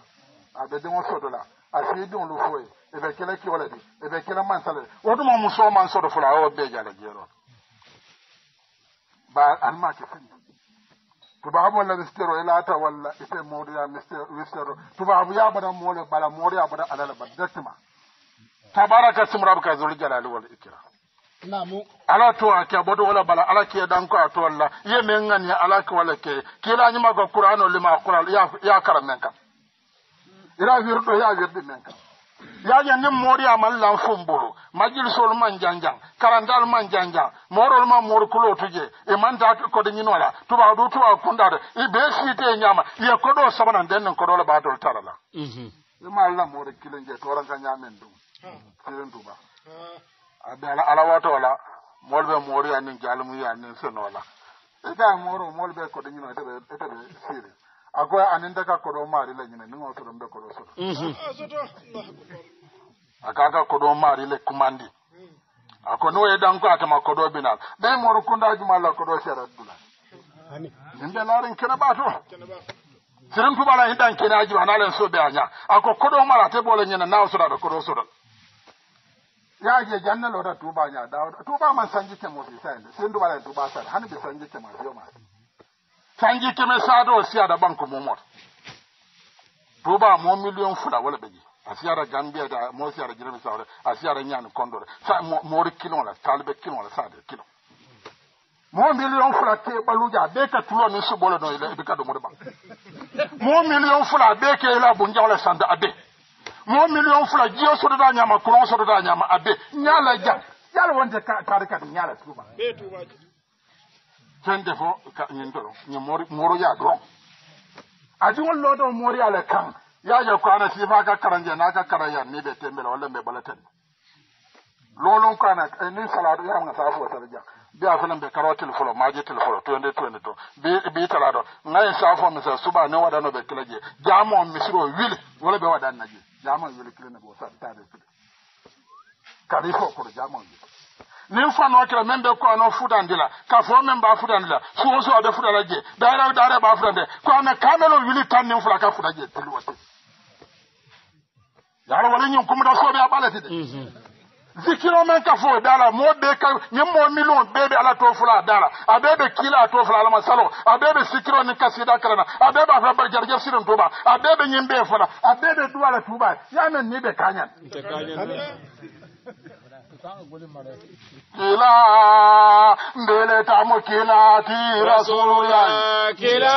a ɓe ɗin o soodola a fii ɗin lu foye e ɓe kela kiola ɗi e ɓe kela mansala ɗi wo ɗuma muso o man soodo fula awo ɓeeje ala jeerol ba almake fini tubaabu walla mistero e laata walla ite moriya mistero tubaabu yaabana moole bala moore yaabana alala ba directement tabaraka simrabka zolijalali wala ikiram alo to ake a boto wala bala ala ke danko a to walla ye men ŋani ala ke wala ke kila ñima ko qur'ano lima qura ya kara men kam ira wirɗo ya wirɗi men kam yaje nin moriya man lan fumbulu majilisol man janjan karantal man janjan morol man mor kulotuje e manta kodo ñinola tubaɗu tuba kundata i be site ñama ye koɗo sabanan den nin koɗola batol taralam mhm. ima lamore kilenje toranka ñamen ɗum kilen tuba adala alawatola molɓe moori anin jalmu anin sonola ida moro molɓe koɗo ñino eteɓe siri agoya anin deka koɗo maari le ñine ni osoɗom ɓe koɗo soto mhm. ah, akaga koɗo maari le kumandi hmm. ako ni wayidanko atama koɗo binal ɓe moro kunda jumalla koɗo serat bula min ɓe laarin kene ɓato sirin tubala hiɗan kene ajiba analen soɓe aña ako koɗo mara ate ɓole ñine na osoɗaɗo koɗo soɗol yaaji e janna lota tuuba ñaɗawɗo tuuba man sañjikkemo fi sayde sendu waɗa tuuba sade hande ɓe sañjikkema joma sañjikkeme saado o siyaɗa banque mumoto tuuba mo million fula wala ɓe ƴi a siyata gambiede mo siyata jirami sawre a siyata ñani condore mori kilon la salɓe kilon la sade kilon mo million fula ke ɓaluja a ɓeeka tulo min suɓɓole no ɓe e kadumoɗo ɓan mo million fula a ɓeeke ila bo jawla sande a ɓee mo million fula jio sotota ñama couron sotota ñama abbe ñala ja ñala wonte kaari kati ñala tuuba fende fo ñin toro ñi mori moro ya doron adiol lo ɗon mori ale kan yaja ko ana sifa ka karanje naka karayan ni ɓe tembele walla ɓe ɓalaten lolon ko ana e, ni salado yamga safuo tara ja biya fela ɓe karo telefolo maje telefolo tuende tuende to bi talaɗo gayen safo mi sa suuɓa ni waɗano ɓe kila je jamo misiro wili wala ɓe waɗannaje jaman weli kilene ɓe osaɓi taade kile kadi fo koto jaman wel min fanokila min ɓe kono fuɗandila ka fo min ɓa fuɗandila suwoso aɗe fuɗala je daarawi daare ɓa fuɗande kone kamelo wili tan nin fula ka fuɗa je tiliwote yaro walayin kumɗa soɓe a ɓalete de mhm. sikkiro men ka fo e dala mo ɓe ka ñimmo million ɓeɓe ala to fula dala aɓeɓe kiila to fula alama salo aɓeɓe sikkiro ni ka sida karana aɓeɓe afabar jarjar siren tuuba aɓeɓe ñimɓe fula aɓeɓe duwala tuuba yamen ni ɓe kañan kila mbeletamo kilati rasululla kila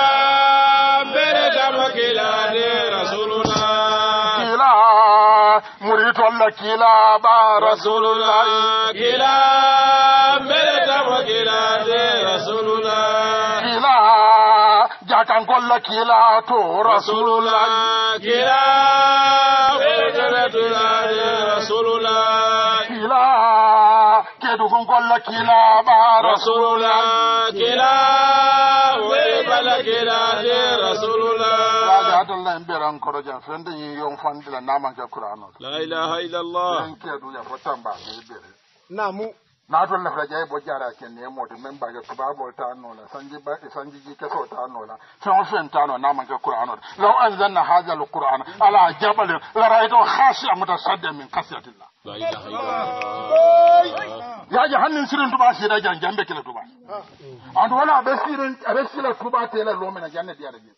mbeletamo kilati rasulul muritolla kilaɓa rasululah kila meletamo kilade rasululah kila jakankolla kila to rasululah kila meletametulade rasululah kila kedugu ngolla kila ɓarasulaaadalla en ɓerankoɗo jam fende ñi yon fandila namaja couranoɗo la ilaha illallah en keeɗuja fo tambaɓe ɓere namu na toon nafra jaye bo jara kenne e moto men mbage tubabol ta nola sanji sanji ji keso ta nola fewofen ta no namanke qouran ota law anzalna haha l qouran ala jabalin la raito hasia mutasadde min kasiatillah yaji hannin sirin tuba sida jan jambe kila tuba ah. and wona aɓe sirin aɓe sila tuba tela lomina jannediyara jin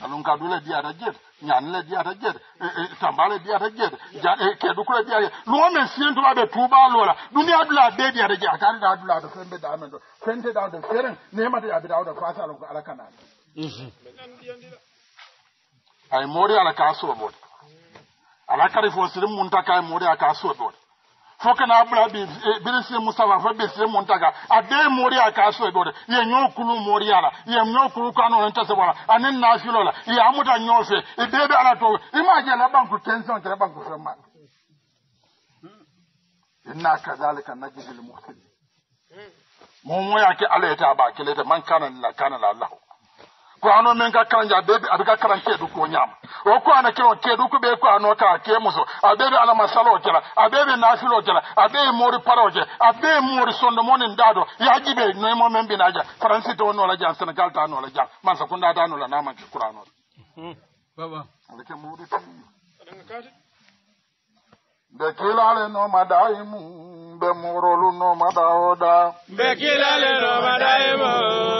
alum e, e, e, ka dula biyata jet ñanle biyata jet tambale biyata jet keɗukule biya lumo men sientuɓaɓe tubalora ɗum ya dula be biyata je akari da dulado fembe damen ɗo fente dawde feren nemata yaɓe dawde fasa alon ko alakanani ay moori ala ka soɓode mhm. ala kari fo sirim muntaka moori a ka soɓode fokana abla birisi e, musaba fo birisi muntaga ade moriya ka so dore ye nyokulu moriya la ye nyokulu ka no nta se wala anen na filo la ye amuta nyofe e bebe ala to imaje la banku tension tre banku fo ma inna kadhalika najidil muhtadi mo moya ke ala eta ba ke le man kana la kana la allah ko ano min ka karanja beɓe aɓe ka karan keɗuku o ñama o ko ana keo keɗuku ɓe ko ano ka kemuso aɓeɓe alamasalo o kela aɓeɓe nafilo o kela aɓeye moori paro o kela aɓe moori sondo monin ndaɗo yajiɓe noyemo min ɓina jam francité onola jam sénégal ta nola jam mansa ko ndadanola namanke couranoɗo hmm. baba aɗa ke mawɗo tiɗ mbe kilale no maɗayi mu mbe morolu no maɗa oɗa mbe kilale no maɗayi mu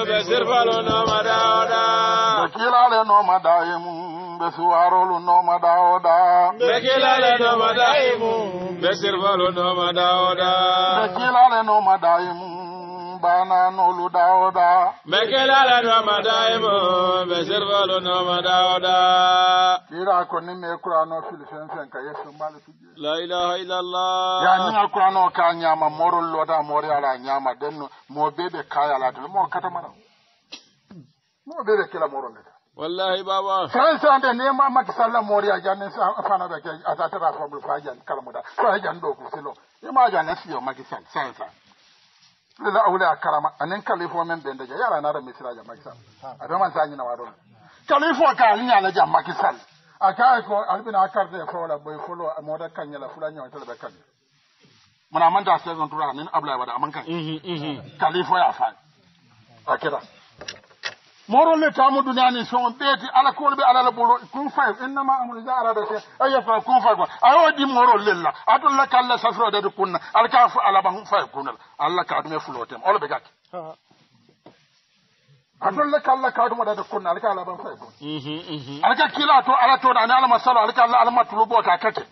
mbe sirfalu no maɗa oɗa mbe kilale no maɗayi mu mbe suwarolu no maɗa oɗa mbe kilale no maɗayi mu mbe sirfalu no maɗa oɗa mbe kilale no maɗayi mu bana nolu daoda mekela la no madaimo be servo lo no madaoda ira ko ni me kurano filifen fen ka yesu mala tuje la ilaha illa allah ya ni akurano ka nyama moro lo da mori ala nyama denno mo bebe kaya la mo kata mara mo bebe kila moro ne wallahi baba fransande ne mama ki salla mori ya janne sa fana be ke atata ta fobul fajan kala muda fajan do ku silo ima janne siyo magisan sansa illa awle a karama anin kalifo men ɓe ndeja yara nara misiraja makisal aɗoman sañina waɗon kalifo ka ñala jam makisal a kaa ko e aɓina karde fowla ɓoy folo moda kañala fula ñowetele ɓe kañ mona manta saison tour anin ablay waɗa aman kan mhm, mhm. kalifo ya fan a kiɗa مورو لي تامو ناني سون بيتي على كول بي على البولو كون فاي انما امر اذا اراد شيء اي فا كون فايف ايو دي مورل لله اتل لك الله سفرو دد كنا على كاف على كون فايف كنا الله كادم فلوتم اول بكاك اتل لك الله كاد مو دد كنا على كاف على بهم فايف على كاكيلا تو على تو انا على مسلو على كاف على مطلوبو كاكك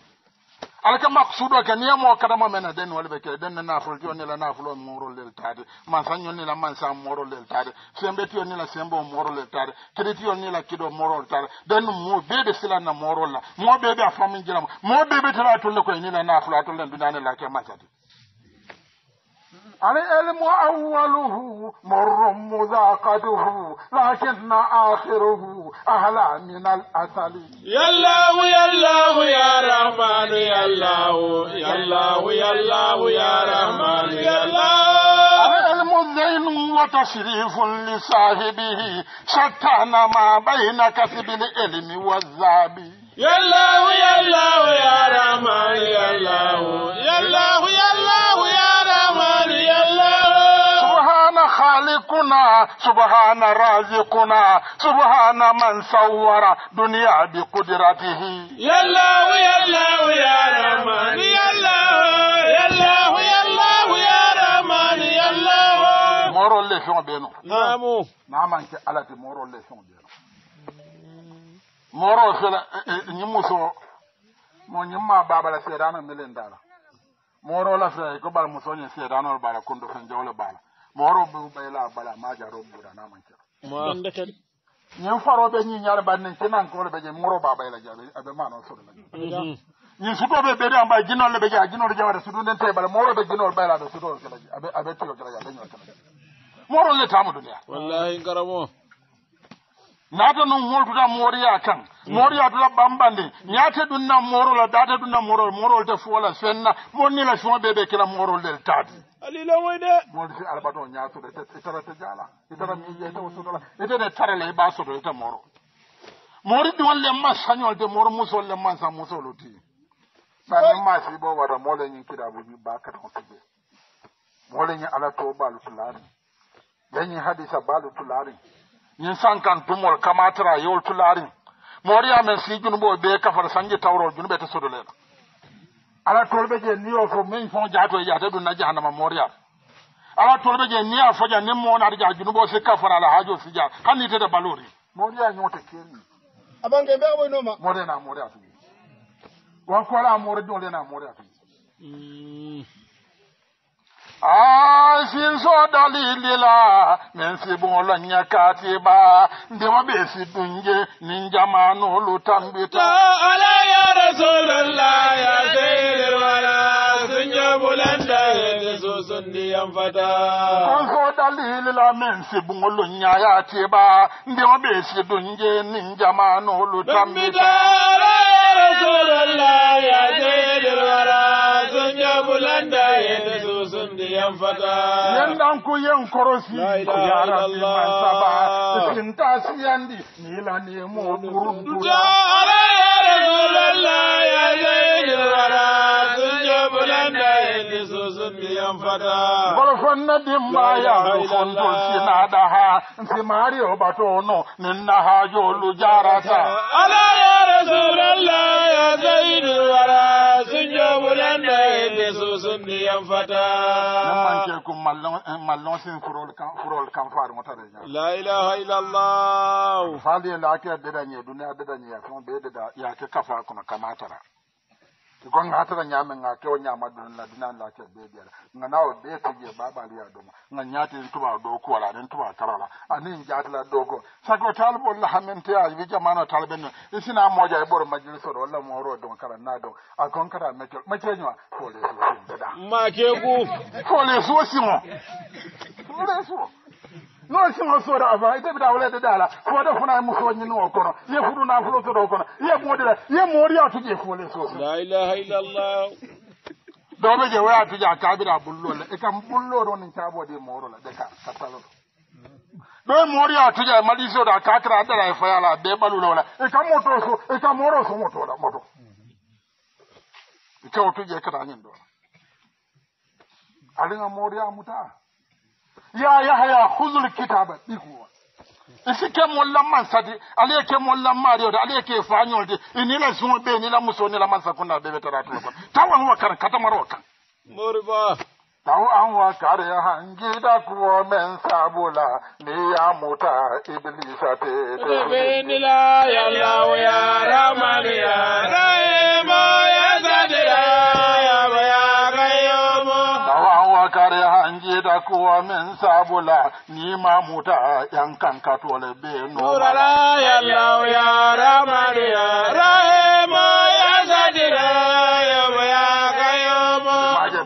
alaka maksuɗo ka niyamo kadama mena den wolɓe kee ɗen ne nafol jonila nafolo morolel tade mansa yonila mansa morolel tade sembe tiyonila sembe o morolel tade kedi tiyonila kiɗo morol tade ɗen mo ɓeɓe silanna morolla mo ɓeɓe a famin jirama mo ɓeɓe tara tolle koye nila nafolo a tolle dunanelake masadi العلم أوله مر مذاقته لكن آخره أهلا من الأثل يا الله يا الله يا رحمن يا الله يا الله يا الله يا رحمن يا الله العلم الذهن وتصريف لصاحبه شتان ما بين كسب العلم والذهب يا الله يا الله يا رحمن يا الله يا الله subhana raziquna subhana man sawwara dunia biqudratihi morol lesion ɓeno namanke alati morol lesion ɓeno moro fela ñimmuso e, e, e, mo ñimma babala seedano melen dala morola fe ko bala musoñe seedanol bala kondo fen jawle bala mo rombe ɓayla bala maja rombuɗanamanke ñin faroɓe ñi ñare ban nin kinankole ɓe je moroba ɓayla je aɓe mano sorna ñin sutoɓe ɓeɗe amba jinnolle ɓe je a jinnoɗo jamata suɗuden te bala moroɓe jinnoɗo ɓayla ɓe sutoɓe kilaje aɓe tiyo kilaje aɓe ñoo kilaje moro le tamo duniya wallahi garamo nata no motu da moriya kan tuta bamba bambande nyate dunna moro la data dunna moro morol te fola fenna monni la shuma bebe kila moro del tadi ali la moy de modi fi albato nyato de tara te jala itara mi yeta wosola ete de tara le ba soto ete moro mori di le ma sanyol de moro muso le ma sa musolo ti sa ne ma si bo wara mole nyin kida bu bi ba ka to be mole nyi ala to balu tulari yanyi hadisa balu tulari yin san kan tumol kamatira yol tularin moriya men si junubo be kafar sanje tawro junube ta sodo lela ala tolbe je niyo fo men fo jato e jato dun na jahannama moriya ala tolbe je niya fo ja nem mona ja junubo se kafar ala hajo si ja hanni te da balori moriya nyo te kenni aban ke be awo no ma moriya na moriya tu wa ko ala moriya dole na moriya tu mm. asinso dalilila min sibolo nyakati ba ndema ɓe sidunje min jamanolu tambita ala ya rasulllah ya sayirwala anso dalilila min sibunolu nyayati ba ndema ɓe sidunje nin jamanolu tambita rasulllah ya sayirwala sunjabulanda yeesu yanfata yanda ku yin korosi ya rabbi man saba cikin tasiyan bolofonne dimmayaru fondol sinaɗa ha simario bato no min nahajolu jarata ala ya rasulallah ya zaidu wala sinjobulande ebe susumdiyam fata eh, la ilaha illallah faliye la ake adeda ñe duniya adeda ñe yakon ɓe deda yake kafa kono kamatara ti gonga hatara ñaame ga kewo ñamadonla dinan lake beɓeere ga nawo ɓe tegue baɓaliya ɗuma ga ñaatinen tuba ɗow kuwala nen tuba tarala anin jaatala ɗogo sago talɓolla hamen te a wi jamano talɓe ne i sina moƴa e ɓoro majlisoɗo walla moro ɗon kara na ɗo a kon kata métel mételñoa fo les wosimo ɓeɗa make gu fo les wosimo les wo E non siŋo sooda afa ite bita wolede daala koode funa muso ñinuo kono ye fudu nafulo soto kono ye moodila ye mooriya tuje foole soosolailahaillallah dooɓe je woya tuja kaabira bulloo le e kam bulloo ɗo nin caaboo de mooro la deka ka talolo ɓe mooriya tuja malisoda kakira dara e fayala ɓe ɓalula wala e kam moto so e kam mooro so motola moto kewo tuje kataañin ɗoo aliga mooriya mutaa ya yahya hudur kitaba ɗihuwa i si kemollanman sadi ala ye kemollan mariode ala ye ke fañolde inila zuo ɓe nila muso nila mansakunda ɓe ɓetaratuloko tawanwa kan katamaro kan moriba taw an wa karya hangida kuwo men sabula ni ya muta iblisa teteɓenila yallahu ya ramaniya raem kuwamin sabula ni ma muta yan kankatole be nomaje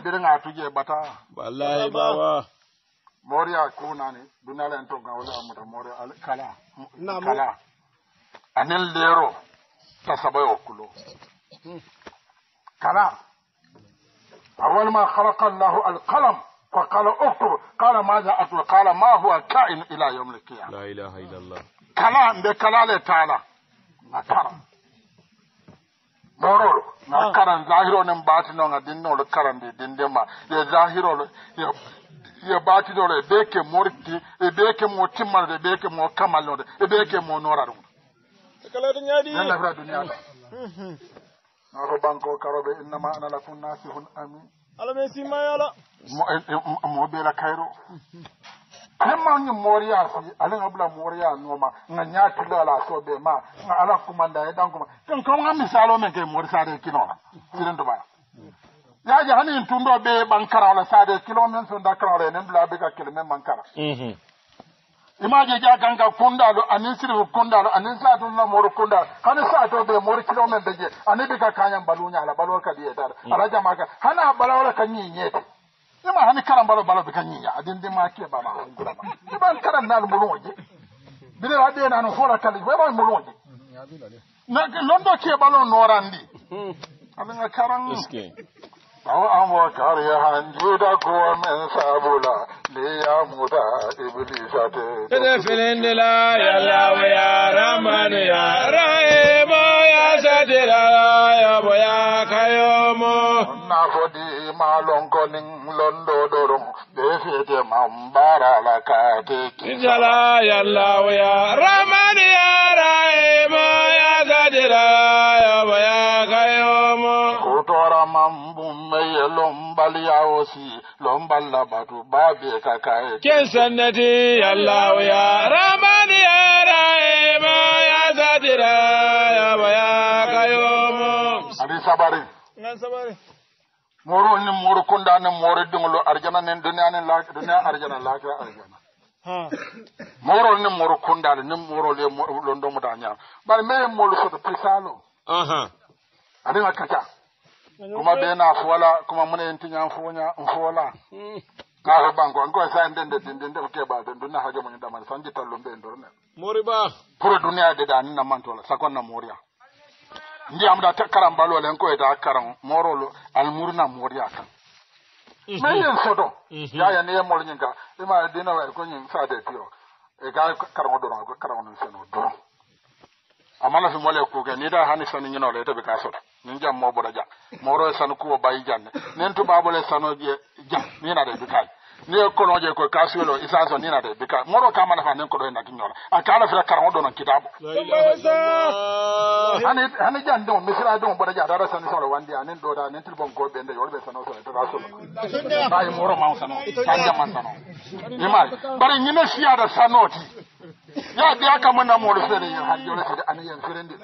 biriŋa tuje bata wallahi baba moriya kunani dunalen to gawlamuta mori kala kala anin lero ta sabayo kulo hmm. kala awalma halaka llahu alkalam ko kala okkuro kala maja atuwa kala ma huwa kain ila yomle kiyama kala nde kalale taala nakara ɓorolo na karan ah. zahiro nen ɓatinoga dinnolo kara nde dindema ye zahirolo ye ɓatinolo e ɓeke morti e ɓeke mo timmanode e ɓeke mo kamalnode e ɓeke mo nora ɗum ɗoaa duniyaɗo noto banko karoɓe innama analakum nasihun amin ala me simmay ala mo ɓeela e, e, kayro kamaño moriya si alaa bula moriya nooma ga ñaatilo ala sooɓe ma ga ala kumanda e ɗankuma ten kamga misalo men ke mori saade kinona sirentuma yaaje hani en tunɗo ɓe ɓankara ola saade kilo men sonda karaola enen bula ɓe ka kele men mankara mhm. image ji aganga kundalo anin sirifu kundalo anin satulla moro kundalo hani satoɓe moro kilomére de je ani diga kañam baluñala balol kadi yetara ala jamaka hana balawola ka ñiñete ima hani kara mbalo balaɓe ka ñiña adindimakie bama hangurama iban kara nal mboloje birer aɗenano hoola kali weɓan mboloje non do ke balo noran ndi aɗaga karan aw anwakar yahan jiɗa gomen sabula Sede felende la ya lawe ya ramane ya rae mo ya sede la la ya boya kayo mo. Na fodi malon koning londo dorong de fete mambara la kate ki. Injala ya lawe ya ramane ya rae mo ya sede la la ya boya ye lombali ya osi lomballa batu babie kakae kesanati yallaoya ramani yaraema yasatira yabaya kayomo adi sabari moro ni moro kunda ni moro dunglo arjana ni dunia ni la dunia arjana la ka arjana ha moro ni moro kunda ni moro le londo mudanya bal me moro so to pisalo aha ani makata kuma ɓena fola kuma mune yentiñan foña n fola kaafe hmm. banko n koy sa nde nde dinde nde o keɓade dunna hajo moñu ɗamane san jitallum ɓe ndor ne mori ba pour duniya deɗa ni namantola sakonna moriya ndiyam da karan balole n koy da karan morolo almurna moriya kan mayen foto yaya ne yemolñinga ima dinawa ko ñin sa de tiyo e ga karano doron ko karano nun seno doron amma no fimole kuuge ni da hani sani ñinole toɓe ka sot min jam moɓoɗa jam moro e sanu kuwo bayi jande nin tuɓaɓole sanoje jam min aɗe bikaji ni ekkono je koye kasuwelo isaso nina de bika moɗo kamana fa nin koɗo e nagiñola a kala fira karaŋo ɗo noon kitabo hani hani jan ɗon misira ɗon ɓoɗa ja tara sani sono wandi a nin ɗoɗa nin tilibon goɓe nde yolɓe sano sono tata sono ɓayi moro man sano tanjaman sano imay bara ñine fiyada sanoti ya biya kamo namoɗo fene yen han jole fide ani yen firindi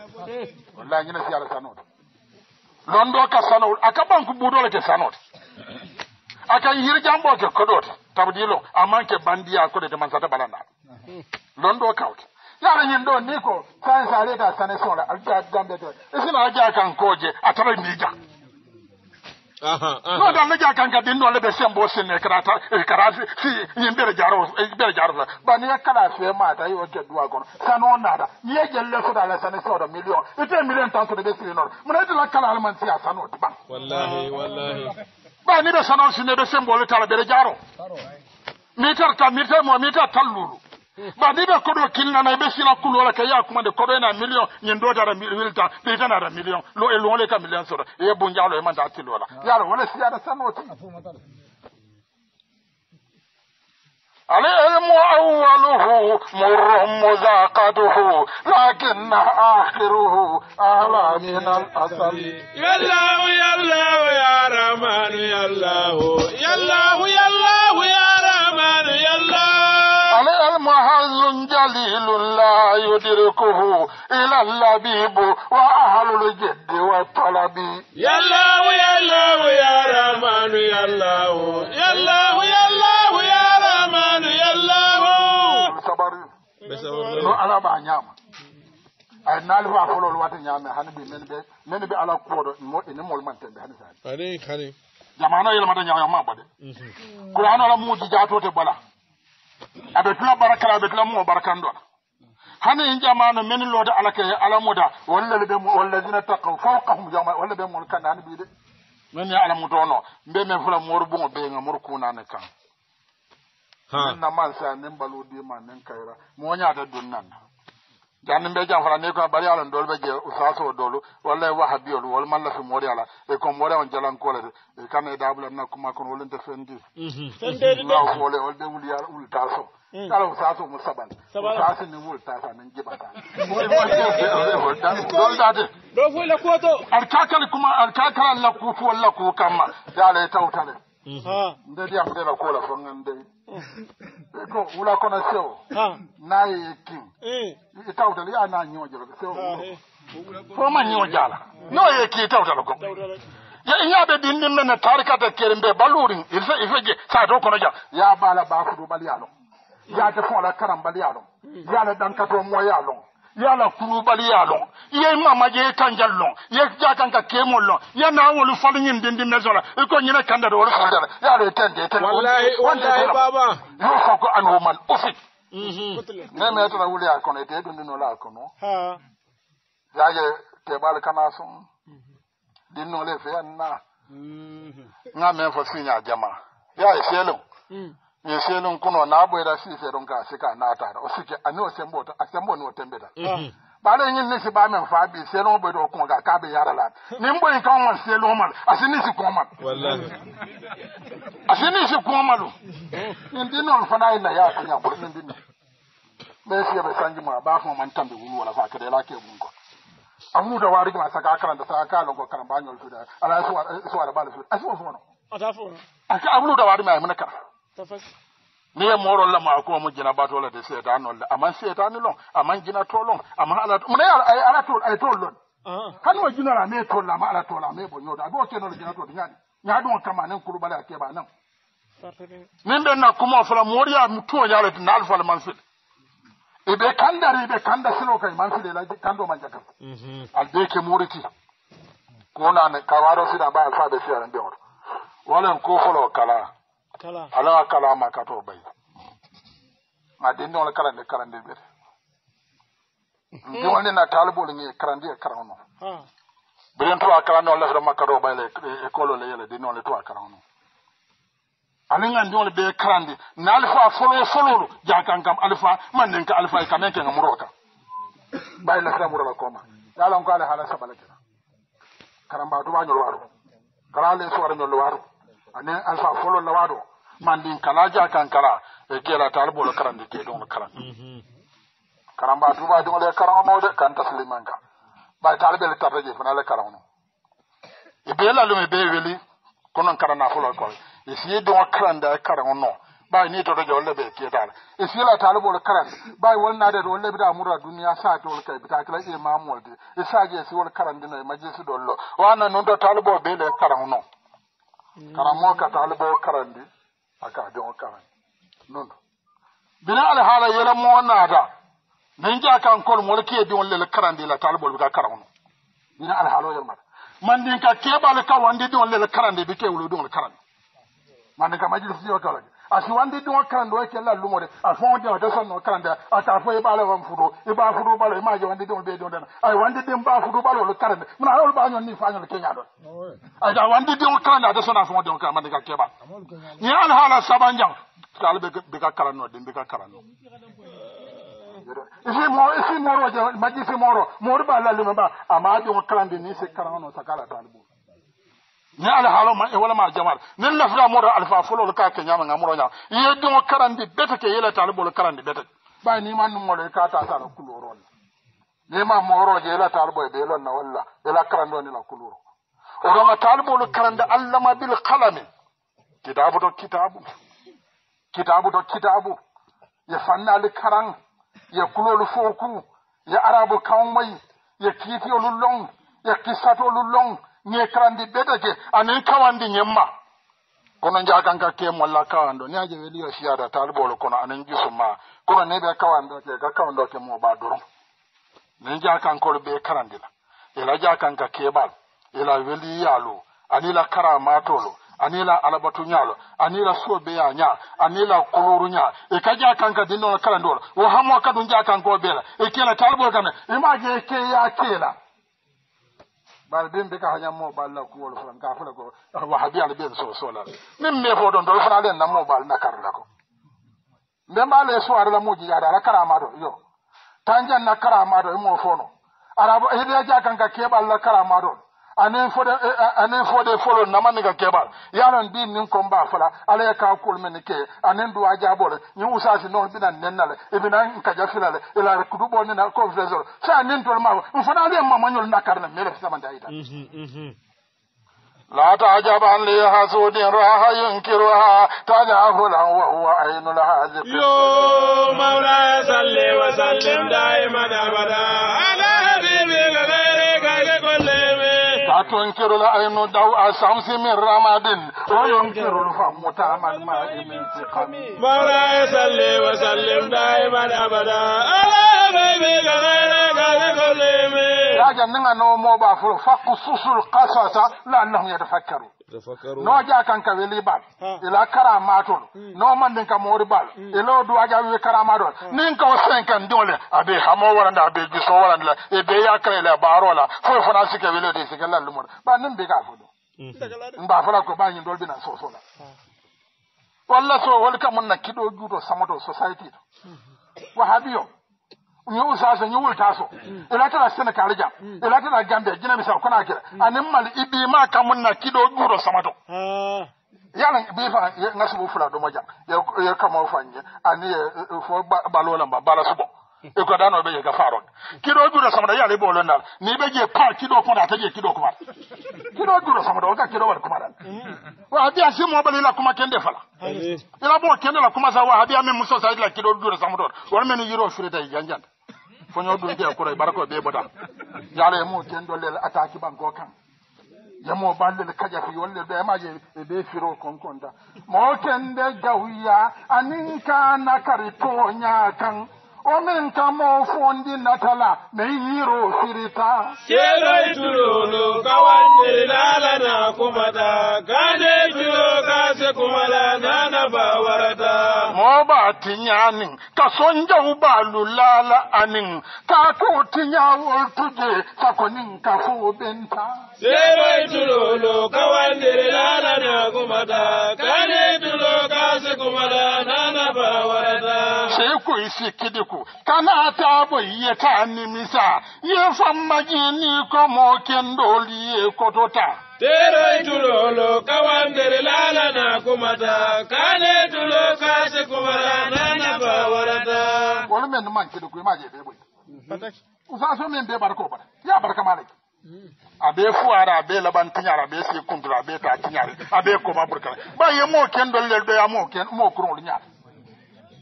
wallay ñine fiyada sanoti londo ka sanowol aka banque ɓuɗole ke sanote atan yir jamboke koɗote tabdilo amanke bandiya koɗe de mansata balanaɗo londo kawte yaara ñin ɗo ni ko sansa leta sanesson la aja jambe to e sina aja kan koje a tawa mija no dan ne jakan ka din nolle ɓe sembo sinne karata e kara si ñin ɓere jaro e ɓere jarota baniya kala fe mata yo jeɗɗuwa gono sano nata ye jelle soda la sane soda million ite million tan soɗa ɓe sirinoto mona itela kala alman siya sano ti ban wallahi wallahi ɓa miɗa sanan sineɗo sembole tara ɓere jaro mitar ta mita mo mita tallulu ɓa niɓe koɗo kilnana ɓe sina kulola ka ya kumande koɗoena million ñindotara wilta ɓitanara million e lole ka million sora e ye bunjalo e manda tilola yaro wala ah. siyaɗa sanoti العلم أوله مر مذاقته لكن آخره أعلى من الأصل يالله يالله يا رمان يا رحمن يالله يا رمان يا رحمن العلم حظ جليل لا يدركه إلى اللبيب وأهل الجد والطلب يا الله يا الله يا رحمن يا الله يا الله no ala ɓa ñaama ay naali fo a folol wadde ñaame hane ɓi mene ɓe mene ɓe ala kuwoɗo moƴƴine molmanteɓe hane saani jamano yelmada ñawya ma ɓaɗe mhm. kuran ala muuji jatote bala aɓe tula barakala aɓe tula mumo barakanɗoɗa hane in jamano mene loode alakeye alamuda wallale ɓe wallasina takaw fawkahum jama walla ɓe mol kanɗe hane ɓiɗe mene ye alamudono mbe men fula moru ɓuŋo ɓeyga moru kunane kan nammal si anin baludima anin kayra moñade dun nan janni mbe jam fota ni kome bari ala ndolu ɓe je usaso dolu walla waha biyol wol malla so moori ala e ko moori on jalankolete e kam e dabulan nakkuma kono wolinte fendi mhm. law foole olde wulya wultaso eh. kala usaso mo saɓan usaso ni wultasa min jiɓata oldade ɗo fo lakkuwa to ar kakal kuma ar kakal lakku fo lakku kamma yaala e tawtare Mhm. Ah. nde di amde la kola ko ngande ko wula n'a sew naye kin eh. i tawtala ya na ñoojolo sew ah, eh. fo ma ñoojala noye ki tawtala ko ya iñaɓe ɗinɗin mene tarikata kere mbe balurin il fe il fe kono ja ya bala bakudu ɓal yalon yaade fon la karam ɓal ye ala kulubaliya lon ye mama ye tanjal lon ye jakan ka kemol lon ye nawolu fali ñin dindi meso e mhm. la i ko ñine kandade wolu fandere ye ala tenteteyo fogo anuman ofi memetona wuli a kono ete dundinola kono yaje teɓal kanason dinnole fe anna mhm. ga men fo siña jama yaye selo mm. ye senun kuno na boyra si seron ka a na o ani o to a sembo tembeta bare nyin si ba fa bi seron boy do kun ga ka yara la ni mbo won mal asini si wallahi asini si fa na ila ya ko nya ni me be sanji ma ba fo man tambe wulu wala fa la ke ko amu da wari ma saka da saka ko nyol su da suwa ni ye moro lama akuma mo jina batola de setanolle aman setani lon aman jina tolon ama alamnaye ala tol ay tol lon hanwa ah. jinala ma tolla ama ala tola ma boñoda abo kenolo jina tol ñani ñaɗuma kama nan kurubale a keɓa nan min ɓe na kuma fala moriya tuma ñalete na alfala mansude eɓe kandari ɓe kanda sino kay mansude la kando ma jagal alde ke moriti kona ne kawaro sida ba alfa ɓe siyaren ɓe oto walen ko folo kala alaa kalama ka to bayi ma dendiŋole karande karande bete hmm. diŋol ni na taalibolu ŋe karandi ye karaŋo no biren tuwa karandiŋol lefeto maka to bayi le ekolo e le yele dendiŋole tuwa karaŋo no ani ŋa diŋole bee karandi na alifa folo fololu jakaŋ kam alifa maŋ niŋ ka alifa ye kameŋ keŋa muro kaŋ bayi lefeta muro la koma ye loŋ ko ale hala sabale kela karambatu baa ñolu waato kara len suwara ñollu waato ani alifa folo la waato man ndin kala jakan kala gelatal e bolo karande te ɗum karan mm-hmm. karan ba duba ɗum le karan mawde kan taslimen ka ɓay tal ɓele tarde je fana le karan no e ɓe lalum e ɓe weli ko non karan na fulol kol e fiye ɗum karande e karan no ɓay ni toto je wolleɓe kietare e fiyela tal bolo karan ɓay wolnadede wolleɓeɗa mura duniya sati wol kay ɓita kila ƴe mamolde e saji e si wol karandino e majjesi ɗol lo wanna noon to talbo ɓe le karan no mm. karan mo ka talbo karandi aka don karan non bina ala hala yela mo nada nan ja kan kol mo lake di won le karan di la talbol ga karan bina ala halo yel ma man din ka ke bal ka wan di don le karan di bi ke wulu don karan man din ka majlis di wa kala a suwandi ɗi o karande o kella lumo de a fo di de sonno karande a ta fo i ɓaalo wan fudu i ɓa fudu ɓalo imaje wandi ɗio ɓeedio ɗen ay wandi ɗin ɓa fudu ɓalolo karande mina ayol ɓañol ni fañol keñaɗon ay a wandi ɗio karande ade sona fo dio ah, karamande ga keɓal ni an haala saba jang kala ɓe ɓeka karanno ɗin ɓeka karanno isi mo isi moro je majji si moro moru ɓa lallume ɓa amma ɗio karande ni si karanono sakala dalɓuro ni alhaalo ma e walama jamal nin lafira moɗo alfa folo ka ke ñamanga muroñal yeddiŋo karandi bete ke yelete alibolo karandi bete ɓay mo le ka tatala kulorona nima moroje yelete aliboye ɓe lonna walla ela karandi onila kuluro oɗonga e e taalibolu karande ma bil qalam kitabu do kitabu kitabu do kitabu fanna fannali karan ya kulolu foku ya arabu kanmayi ya kiitiyolu long ya kisato long nyie karandi ɓeɗake anen kawandi yemma kono jagan gakke molla kawanɗo ni aje weliyo fiyada talibolo kono anen jusuma kono ne ɓe kawandoke ga kawandoke moɓa dorom ni jakan kolo ɓe karandila ila jakan ga kebal ila weli yalo anila kara matolo anila alabatu yalo anila soɓe ya ya anila kuluru ya e ka jakan ka dinnono karandiwolo o hammo kadu jakan ko ɓela e kela talibol kane imaje ke ya kela bala den de kaa ñammo balla kuwol fulan kaa fula ko wahabi ala ɓen so solal min mais fo ɗon ɗo fana len namno bal nakar la ko nde mbaala e soir la muji yaade ala karamaɗo yo tan jan na karamaɗo e mo fono araɓo hedeya jakan ka keɓa allah karamaɗon anin e, fode folo namaniga kebal yaron din nin kon ba fala alaye ka kulmeni ke anin duwa jabole ñin usasi non bina nennale ibina e nkaja filale ilare e kuduɓo nina confesor sa nin tol mafo n fana aliye mamañol dakarne melef samande ayita mhm, mhm. la tajaban li hasudin raha yunkiruha tajahulan wahuwa ainu lhaziyo maula salli wasallim daiman abada تنكر العين ضوء أسامس من رمضان وينكر الفم طعم الماء من سقم مولاي صل وسلم دائما ابدا على حبيبك غيرك بكل يا جنة نومو بافر فقصص القصص لأنهم يتفكرون noja kan ka weli bal ila kara matol hmm. no manden ka mori bal hmm. ilo duwaja wi kara matol nin ka o sen kan dole abe hamo wala nda abe giso wala nda e be ya kare la barola fo fona sike weli de sike la lumor ba nin be ka fo do hmm. mba fala ko ba nyin dolbi na so so la walla so wal kam na kido juto samoto society to wahabiyo ñewu sasa ñewul taso mm. ila tara sene kalija mm. ila tara gambe jina bisa kona kira mm. anin mal ibi ma kamun na kido guro samato ya la bi fa na subu fula do majam ya kama fanje ani fo balola ba bala subo e ko dano be ga faro kido guro samato ya le bolo nal ni be je pa kido kona ta je kido kuma kido guro samato ka kido war kuma dal wa abi asim mo balila kuma kende fala ila bo kende la kuma sa wa abi amen muso sa ila kido guro samato wor men yiro fure tay janjan soñoɗum de koroye ɓara koye ɓeɓota yaara yemo dendollel attaque banko kan yemo ballel kaƴata yolle ɓemaje e ɓe firo konkonta mo kende gawya anin kanakari toña kan onen kam o fondi natala mai yiro sirita seroituroono kawande lalana kumata gane juro kase kumala nana ba warata moba tinyanin ka sonjau balu lala anin kako tinyawoltuje sakonin kafobenta seroituroono kawande lalana kumata gane juro kase kumala nana ko e sikkidi ko kanaa taabo yiyataa nimisa ye famma jinii ko moo kendool yiye kototaa teeroy tulolo kawandere laalana kumata kaanee tulo kaase kumara nana ba warata wolu men numan kidi koy maaje ɓee ɓoy mhm. usaso men ɓe barka o bara ya barka maalaj mhm. abe fuwara abe laban tiñar abe se kuntura abe ta tiñar abe koma burkara ɓa ye moo kendol lel ɗoya mo kendo moo kuroolu ñaare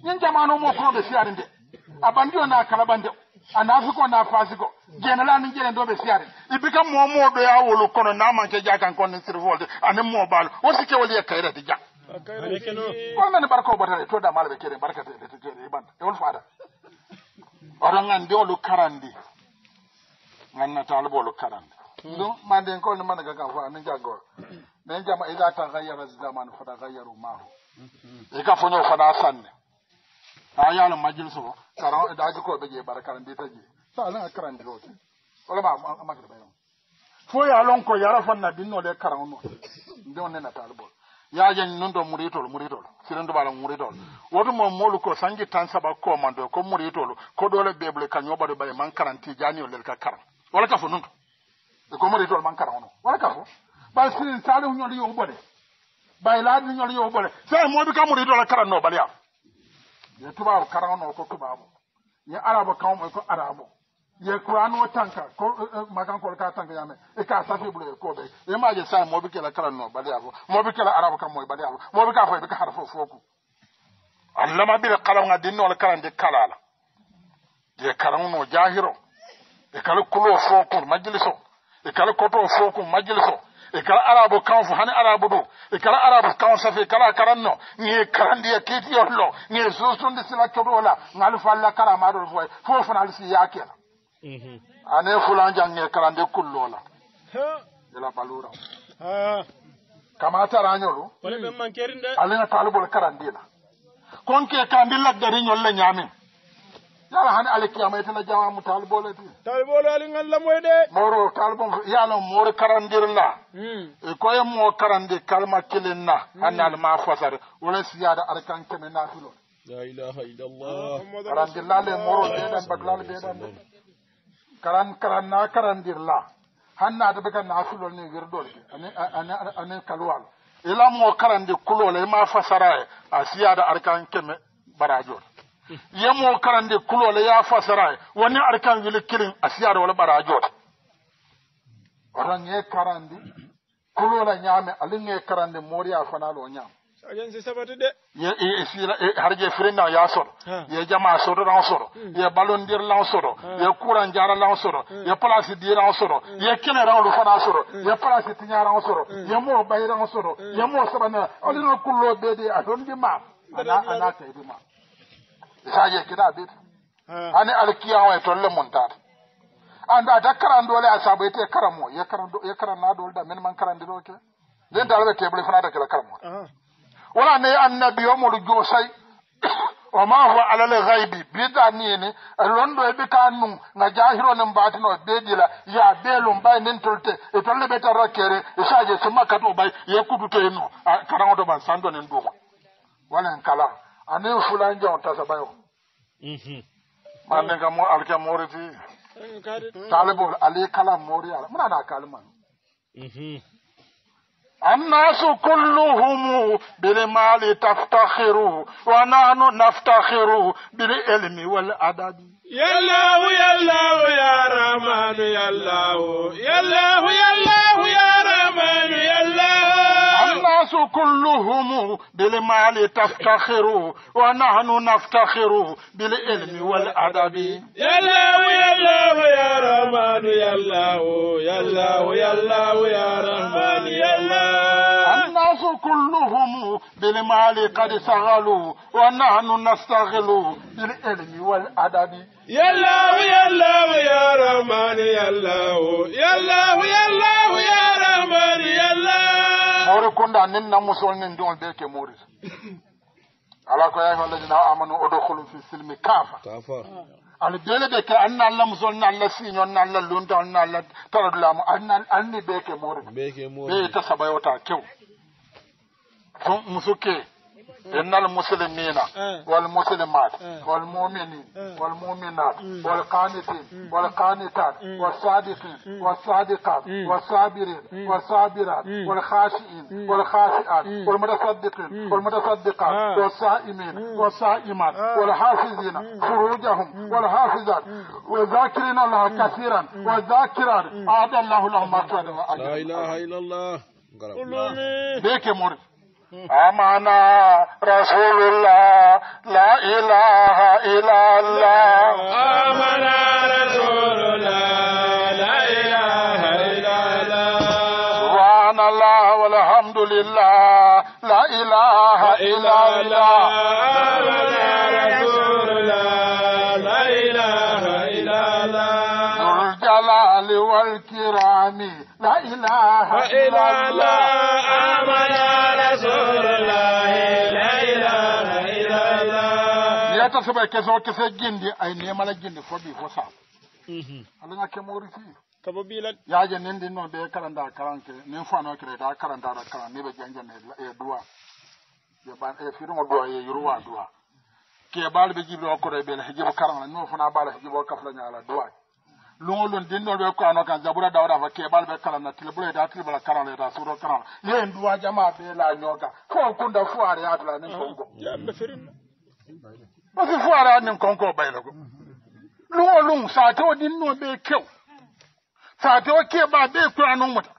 ñin hmm. no mo kono de siare de a na kalaba nde a naafiko na faasiko general ni jere ndo be siare ibi ka mo moo ya wolo kono na manke ja kan kon sir sirfolde ane mo bal o si kewol ye de ja on mene barka o batare to barka de to jere ban e wol fada faada oɗon anndi olu karandi gannataalo bo olu karandi ɗum manden ko ne managa kan fo anin jaggol nen jama ida tagayyara zaman fata gayyaru mahu hmm, hmm. e ka foño sanne ha yaala majjilse o kara e daji koɓe jee mbaɗa kara ndi taji sa alan a karandi oti walama amagre ɓayno fo ya lonko yara fanna binnode karao no nde o nenatalibol yajan non do muritol muritol sirendubala muritol woto mo molu ko sangi tan saba komando ko muritol ko ɗole beble kañoo ɓaɗo ɓaye man karanti janio lel ka karan wala ka fo nunto e ko muritol man karan o no wala ka fo ɓay sirin sali huñoɗo yowɓole ɓay laadi huñoɗo yowɓole sa moɓi ka muritola karan no ɓaleyaa ye tubaabo karano ko tubaabo ye arabo kawmo ko arabo ye kuran o tanka ko e, e, makankol ka tanka yame e ka safiɓulo e koɓe yemaje sa moɓe kela karanno baɗiyafo moɓe kela arabo kammo e baɗiyafo moɓe ka fo ɓe ka hara fo fooku allama ɓile kalaga dinnoola karande kalala ye karanno jahiro e kala kulo fookun majlis o e kala koto fookun majlis o ikara arabu kan hani arabu do ikara arabu kan fi fe kala karanno ni karandi ya kiti yollo ni susun di sila chodo la ngal falla kara ma do fo fo fo nal si yakela mhm ane fulanja ni karande kullo la ila palura ha kamata ranyolo wala be man kerinde alena talibol karandila konke kandi kandilla dari nyolle nyamin yala hani ala kiyamete la jama mu talibole ti talibole ali ngal la moy de moro talibon yala moro karandir la e ko yam mo karandi kalma kilin na hanal ma fasar wala siyada arkan keme na filo la ilaha illallah karandir la le moro de dan baglal be dan karan karan na karandir la hanna da baka na filo ne girdol ani ani ani kalwal ila mo karandi kulole ma fasara a siyada arkan keme barajol yamo karande kulole yafasara woni arkangeli kilin asiyare wala ɓara jote oraye karandi kulola ñaame alinge karande moriya fanalo ñaam harje firinna ya soɗo ye jama soɗo lan soɗo hmm. ye ballondir lan soɗo ye kuran jara lan soɗo hmm. ye place di lan soɗo hmm. ye kine ranlu fana soɗo ye place tiña ran soɗo ye mo bayi ran soɗo ye mo saɓanea alino kullo ɓeede a donndi ma ana kaydi ma isayekita abit ani alkiyawa tolle montata andu ata karandole a saabu ete karamo ye karan naadole da min man karandiro ke den talaɓe teble fanata kela karamoe wala ne annabi omolu joosay [COUGHS] oma fo alal haybi bida nini londo e ɓika num na jahironi mbatino ɓeɗila ya ɓelum ɓay nin tolte e tolle ɓe tarra kere isaje simma kat o ɓay yekkuduteno karaoto ɓan sandonin duma wala en kala anen fulan jon tasa bayo mhm. mannen kam alke moriti talibol ali kala mori ala munana kalimani mhm. annasu kulluhumu bilimali taftahiruhu wa nanu naftahiruhu bili ilmi wal adadi yallahu yallahu ya ramanu yallahu yallahu yallahu الناس كلهم بالمال تفتخر ونحن نفتخر بالعلم والأدب يا الله يا الله يا رحمن يا الله يا الله يا الله يا رحمن يا الله الناس كلهم بالمال قد شغلوا ونحن نستغل بالعلم والأدب يا الله يا الله يا رحمن يا الله يا الله يا الله hoore konde a nen namusol nen ndiol be ke morita [COUGHS] ala ko yaahi wallaji na amanu oɗo holum fi silmi kaafa ala bele ɓe ke anna allah musol na allah siñol na allah lunta olna allah taradulamu anna anni be ke morita ɓe yitta saɓayota kew musukke إن المسلمين والمسلمات والمؤمنين والمؤمنات والقانتين والقانتات والصادقين والصادقات والصابرين والصابرات والخاشئين والخاشئات والمتصدقين والمتصدقات والصائمين والصائمات والحافظين فروجهم والحافظات وذاكرين الله كثيرا وذاكرات أعد الله لهم أجرا لا إله إلا الله ديك مورد امنا رسول الله لا اله الا الله والحمد لله لا إله إلا الله الجلال والكرام لا إله إلا الله آمنا رسول الله لا إله إلا الله يا تسبع كسر كسر جندي أي نعم على جندي فبي فصا ألا نكمل فيه كبابيلا يا جنين دينو ده كلام ده كلام كي نفوانو كده ده كلام ده كلام نبي جنجر نهلا إدوا إيه يبان إفيرو إيه مدوا إيه يروى دوا كي بالبيجي بوكره بيلهجي بكرانه نوفنا بالهجي بوكفلنا على دواي lungolun dinnol ɓe ko anokan zabura dawda fa keɓal ɓe kalan na tilbura eta tilbala karan eta suuro karan ye nduwa jama ɓe la ñoga fo kunda foare adla nin konko parce que foare ad nin konko ɓaylago lungolun saate o dinno ɓe kew saate o keɓa ɓe ko anonmuta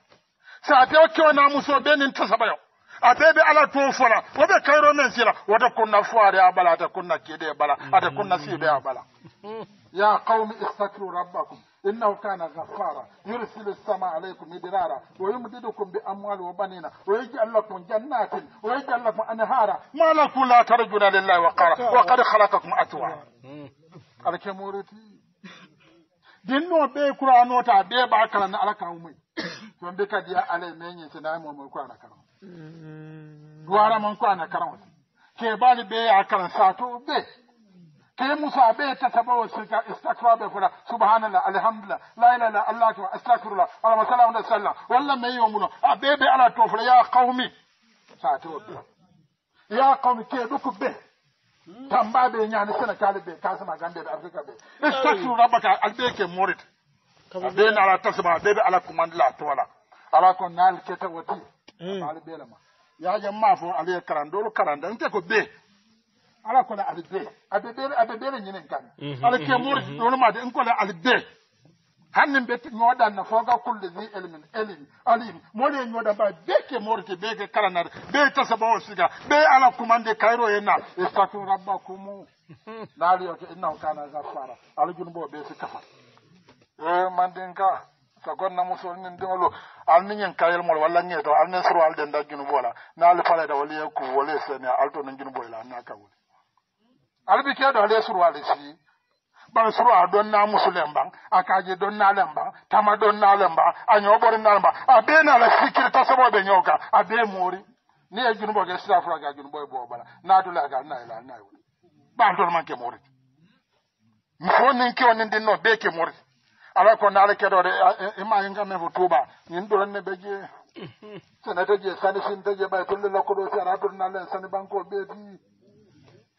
saate o kew namuso ɓe nin tasaɓayo ate ɓe ala to fola woɓe kayro men sila wota kunna foare a ɓala ata kunna keɗe ɓala ata kunna siɓe a ɓala mm. ya qawmi istakiru rabbakum إنه كان غفارا يرسل السماء عليكم مدرارا ويمددكم بأموال وبنين ويجعل لكم جنات ويجعل لكم أنهارا ما لكم لا ترجون لله وقارا وقد خلقكم أتوا على كمورتي din no be kura no ta be ba kala na alaka umai to be ka dia ale menye se na mo mo kura na kara duara mon kura na kara ke bali be akara sa to be temu so a ɓeyette sabawo sirga istacrabe fota subhanallah alhamdulillah laylala allah tuma astacrullah alama salamu alah sallam walla meyomuno a ɓeɓe ala to fota ya qawmi sa tewoɓɓe ya qawmi ke ɗoku ɓe tambaɓe ñane sénégal ɓe kasama gandeɓe africa ɓe istacru rabbaka al ɓe ke morite a ɓeni ala tasma a ɓeɓe ala commandela towala ala ko nal ke tawati hmm. ala ɓelema yajam ma fo aliye karan ɗo ɗo karan dante ko ɓe ala kono ali de aɓe ɓere aɓe ɓere ñinen gan mhm, ala mhm, ke muurji mhm. ɗonomade en kono ali de hanni mbetti ñooɗan no foga kulle ni ele min elim alim moni e ñooɗan mbawi ɓe ke morde ɓe ke kalanare ɓe tasa ɓawo siga ɓe ala kumande kayro en na estatu rabbakumu [LAUGHS] naaliyoto innahu kana gaffara ala junu mboo ɓe si kafat e eh, mandin ka so gonna musolnin ndiŋolu almiñin kayelmol walla ŋeeto alne soro alɗen nda junu boola naali faleda woliye ku wole seni alto no junu boyla annaka wuli alibike dɔ le suru ale si ban suru a dɔn na musu lɛn ban a ka je dɔn na lɛn ban tama dɔn na lɛn ban a ɲɔ bɔri na ban a bɛɛ na la sikiri tasɔbɔ bɛ ɲɔgɔn kan a bɛɛ mori ye fura kɛ junubɔ ye bɔ bala n'a dɔ la ka n'a ye la n'a ye wuli ban dɔ kɛ mori muso ni kɛw ni den nɔ bɛɛ kɛ mori ala ko n'ale kɛ dɔ e, e ma ye n sani tɛ je ba ye tolu la ko dɔ sara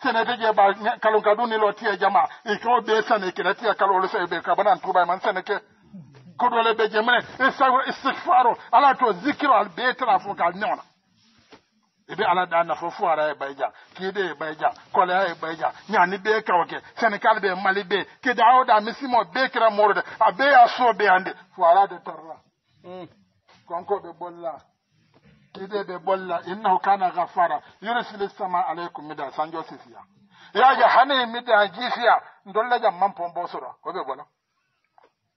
sene te je ba kalon duni lo tie jama iko ko be sene ke na tie kalon lo se be ka banan tuba man sene ke ko dole be je mene istighfaro ala to zikiro al be tra ka nyona e ala da na fo fu ara e ba ki de e ko le e ba nya ni be ka oke sene ka be mali be ke da o da misimo be kra moro abe ya be ande fu ara de tarra mm konko be bolla tide ɓe bolla innahu kana gafara yurisili sama aleykum mida sanjo sisiya yaja hane mida jiisiya dolla jam man pon bosora ko ɓe bola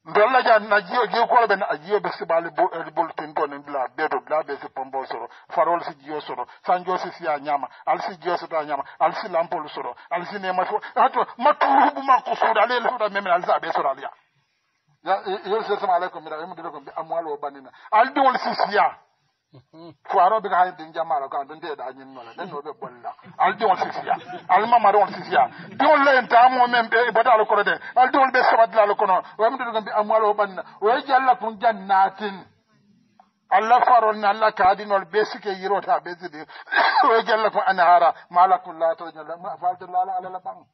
dolla jam na jiyo jiwkolo ɓe na a jiyo ɓe sibali eh, bulletinkoni bla ɓeɗo bla ɓe si pon bosoro farol si jiyo soro sanjo sisiya ñama alsi jiyo soto a ñama alsi lampol soro alsi nema so ato matturubumakko suuda ale lasota memen alsa ɓe soro aliya yurisili sama aleykum mida emudire ko mbi amwal o banina alɗiwol sisiya fuaroɓe ka hay den jamara ka ɗon deeɗa ñinnole ɗen ɗo ɓe bolla alɗiol sisiya almamaɗol sisiya ɗiol lo en tamo men ɓe botalo koro de alɗiol ɓe sabadlalo kono wamdoɗoko mbi amwalo ɓanna woye jalla kon jannatin allah farolni allah kaadinol ɓe sike yirota ɓe sidi [COUGHS] woye jalla kon anahara malakullatoñolfaldolala alala ɓan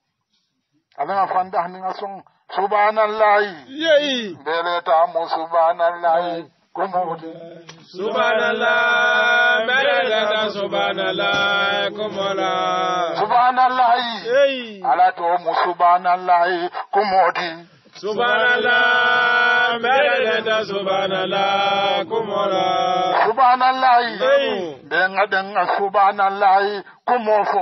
alaga fanda haniga song subanallahi yeyi mbeletamo subanallahi subanalahi ala to mu subanalahi ko modi subanalahi denga denga subanalahi ko mofo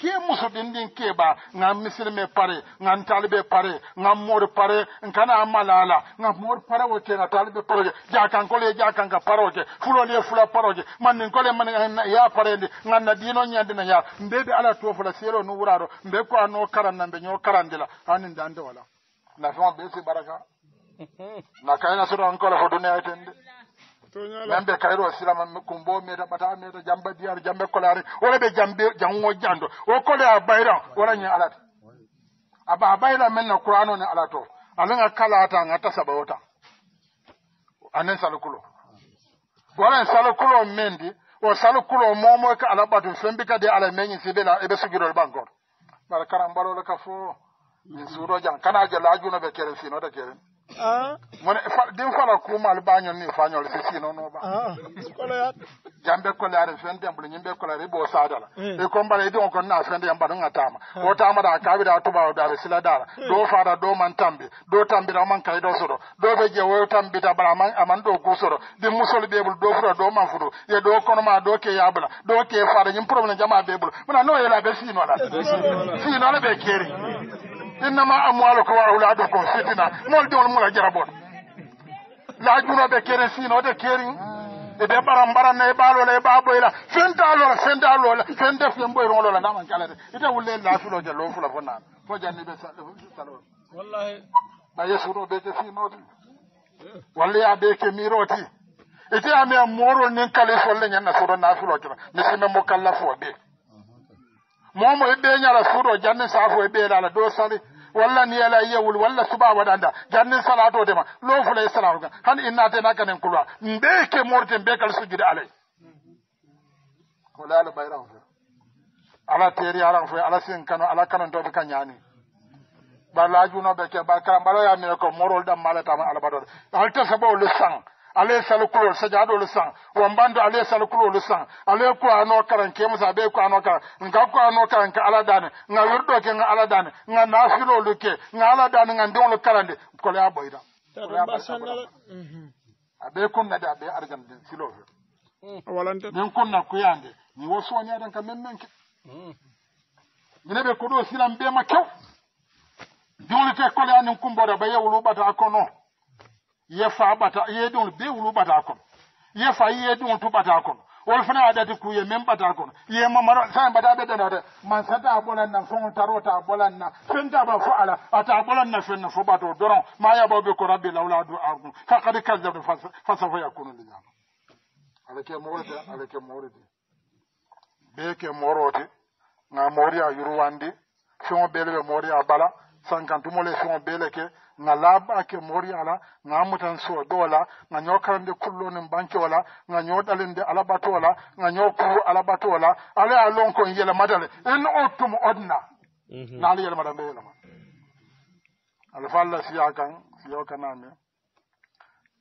kee musoɓindin keɓa gan misilme pare gan talɓe pare gan moore pare nkana malala gan moor parewo ke ga talɓe paroke jakankole e jakanka paroke fulole fula paroke mannin kole ya parendi ganna dino ñandina ya mbeɓe ala tofula seelo nu wuraro mbe ko a no karanna mbe ño karandila anin dande wala nafeo ɓe si baraka [LAUGHS] na kayna sotoankole fo duniya tende yamɓe kayro silama kumbo meeta ɓata meeta jamba biyar jambe kolaare wala ɓe jambe jango jando o kole a bayran wala ñi alata aba a bayra men no qurano ne alato alanga kalata nga tasaɓa ota anen salkulo walan salkulo men di o salkulo momo ka ala ɓatu fembi kadi ala meñi sibila eɓe sugirol ɓangoro bara karan mbalole ka fo min suuto jang kana jelajunoɓe kere finoɗa kere Ah. mono e din fala kumalu bañol ni fañol e si sino no ba ah, jambe kolare fen dembo ñimbe kolare bo sadala eh. e ko mbale di onko na fen dembo no ngatama o tama da kawi da tuba da sila dara do fara do man tambe do tambe da man kay do soro do be je wo tambe da bala man aman do ko soro di musol bebul do fura do man fudo ye do kono ma do ke yabla do ke fara ñim problème jama bebul mo na no yela be sino la sino la be keri innama amwaluka wa auladukum fitina moldiwol mula jarabon lajuno e ɓe keri sinode keri eɓe ɓaran ɓaranna e ɓalola e ɓaɓoyla fendalola fendalola fendef yen ɓoyrolola naman calade ita wulle lafiloje lo fula fo nan fo janni ɓe salol ɓa yesuno ɓe ke finoti walla ya ɓe ke miroti ite ami a morol nin kala solle ñanna soɗo nafiloje ma mi simen mo kalla fo ɓee momo e ɓeñala suuɗo jannde saafo e ɓeelala do sani walla niyala e yewul walla suba waɗanda jannde salatodema lofula e salatu ga han innatenaganen kulwa ɓe ke morde ɓe kal sujude alay olala ɓayran fo ala teri aran fo ala sin kano ala kanantoɓe ka ñaani ɓa lajunoɓe ke ɓa kara ɓaɗoya mine ko morol ɗam maletama alabaɗoɗe hal tesa ɓawle sang ale ye sali kulolu saja adolu san wambando ale ye sali kulolu san ale ye kura anɔ karan ke musa abe kura anɔ karan nka kura anɔ karan ke ala dani nka yiri dɔ ke nka ala dani nka naafilolu ke nka ala dani nka denwolu karandi kɔlɔya bɔyira mm-hmm. mhm. abe kunna de abe argan arjandi silo fe mm. nin kunna kuyande ni wo soñaɗen ka men men ke mine mm. ɓe ko ɗo silan mbema kew diwlite kole anin kumboɗa ba yewlu ɓata yefa ɓata yeeɗuol be wulu ɓata kon yefa yeeɗuol tu ɓata kon wol fana aɗati kuye min ɓata kon yemamaro sa mbaɗa ɓeɗanata man sata ɓolanna fon taro ta ɓolanna fentaɓa fo ala ata ɓolanna fenna fo ɓato doron ma yaɓaɓe ko rabbi lawladu ardu fakad kazabe fasafo yakkunu liyama alake morde alake morde ɓe ke morode ga mori a yurwande fewo ɓelɓe mori a ɓala sankantumole feŋo bele ke ŋa laaba ke mori ala ŋa mutan so dola ŋa ñoo karande kullo nin bankewo la ŋa ñoo ɗalinde alabato la ŋa ñoo kuru alabato la ala ye lon kon yelematale in mu odna mhm. na ala yelemata mbe yelema alfa alla siya kan siyo kaname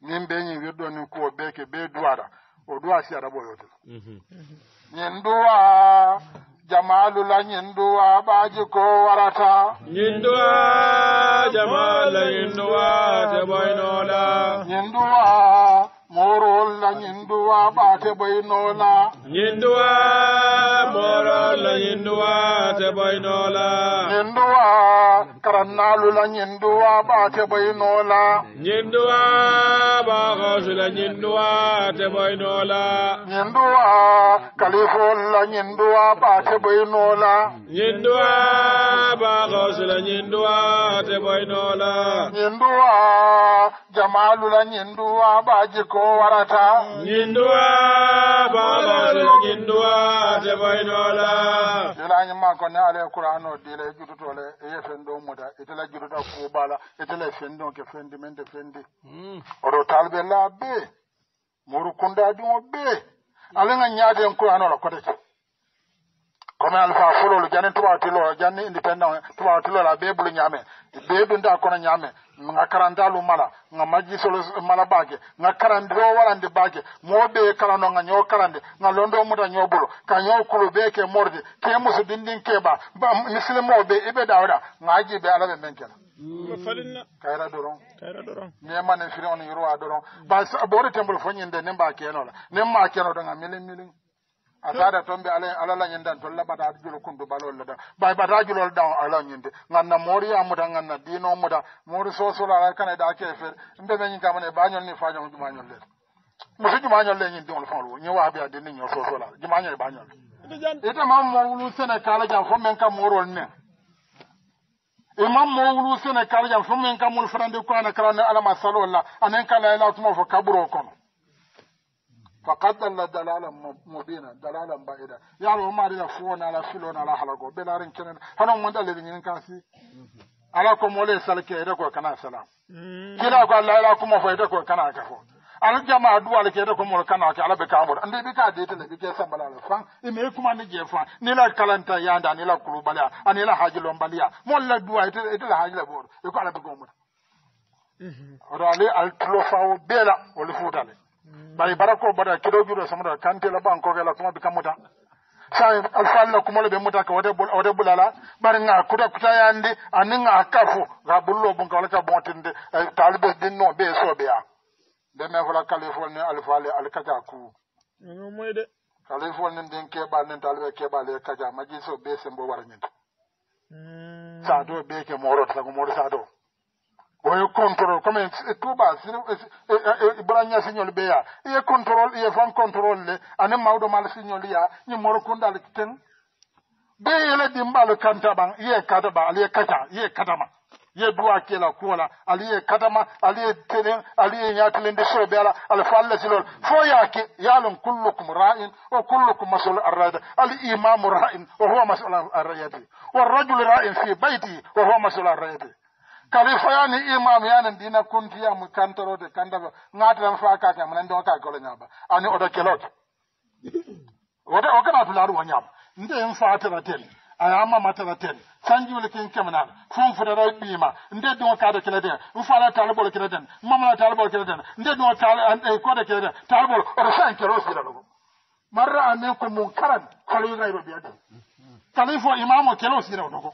nin be ñin wirɗo nin ko be ke be duara o duwa siyata ɓoyotel ñin mhm. duwa jamaalula nyin duwaɓaaji ko warata nyin duwa jamaala yin duwa jaɓoynoola nyin duwa morolla ñinduwa ɓaate boynoola ñinduwa morolla ñinduwa te boynoola ñinduwa karannaalula ñinduwa ɓaate boynoola ñinduwa baaxoosula ñinduwa te boynoola ñinduwa kalifoolla ñinduwa ɓaate boynoola ñinduwa baaxoosula ñinduwa te boynoola ñinduwa jamalula ñinduwa ɓaji ko warata ñinduwa babaluna ñinduwa deboynola jilañi mako ne ala kuranoo dila e jututole eye fenndo muda itela jututa kuubala itela e fenndi oke fenndi min de fenndi hmm. oɗo talɓe laa bee moru kunda ɗumo bee alaga ñaaden kuranola koɗete comme alpha fulol jani tubawtilo jani independent tubawtilola ɓeɓulu ñaame ɓeɓinda kono ñaame ga karantalu mala ga majisol mala bake ga karandiro warandi bake mo ɓe kalano ga ño karandi ga londo muta ñoɓulo ka ño kulu ɓe ke morde ke musu dindin ke ɓa misilimo ɓe iɓe dawɗa ga ji ɓe alaɓe men kela kayra doron mimanen firi on yurwa doron ɓore temble fo ñinde nin ba kenola nin ma kenoɗo ga milin milin a saada toon ɓe ala ala lañen dan toon laɓata aɗa julo kundu ɓalol la ɗa ɓay ɓata julol ɗa o alañinde ganna moori yamuta ganna diinomuta moori sosolo ala kana ɗa kee feere mbe meñin kamane bañol ni fañol jumañol lel musu jumañol le ñin ɗiol fanlu ñi waa ɓea dinni ñol sosolo ala jumañol e bañol ite mam mowulu sene kala jam fo men kam moorol nen e mam mowulu sene kala jam fo men kam mul farandi kuana karane alama salol la anen kalaylatumo fo kaɓuro kono fa kad dalla dalalan mobina dalalan ba'ida yaro marina fuwona ala filon ala halago ɓelarin kenen hono mondalleɗe ñinin kan si mm-hmm. ala ko mole salke ede koy kana salam mm-hmm. kina ko allah ala kuma fo ede koy kana ka fo aljama duwale keede ko mol kana ke ala ɓe kamboɗa ande ɓe ka detele ɓe ke sambalala fan ime kumani je fan nila kalanta yande anila kulubalea anila haaji lombalia molla duwa etela haajila booɗo e ko ala ɓe gomoɗa oɗo mm-hmm. ale al tulofawo ɓeela wolle fuutale ɓay bara ko bada kiɗojuuɗo samata kante la ɓan koke la kuma bi kammuta sa alfaalla kumalo ɓe muta ka wote ɓulala ɓari ga kuta kutayandi ani ga ka fo ga ɓullo bon ka walaka ɓontinde taalibe din no ɓe sooɓe a nde me fola kalifol ni alfaale alkaja kuu de kalifol ni ndin keɓal nin taalibe keɓale kaja majiso ɓe sembo warañinde mm. sa do ɓe ke moorot sago moɗo sa do oyo controle comme e touba ibrania signol ɓeya ye controle ye fan controle le ane mawɗo mala signol ya ñimmoro kundal ten ɓe yele ɗimɓalo kantaɓan ye kataɓa aliye kata ye katama ye dowa kela kuola aliye katama aliye tenen aliye ñatelende soɓe ala ala fallasilol fo yake yalon kullukum ra'in o kullukum masol arrayda ali imamu ra'in o howa masol arrayade wa rajul ra'in fi baytii o howa masol arrayade kadi foyani imam yani ndina kuntiyamu cantorode cantaro ngatiran fa kakeamu nan ndewo ka golo ñaba ani oɗo kelote wote o kana tu laaru o ñaama ndeen fatira ten a yamama tara ten sanjiwle kin kemnaɗa funfudata ɓiima nde duwo kaade kileten n fala talbol kileten mamla talbol kileten nde duwo eh, kode kileten talbol oto san kelo silalogo marra amin ko mum karan kalyugayro biyaden kalifo imamo kelo sirawdogo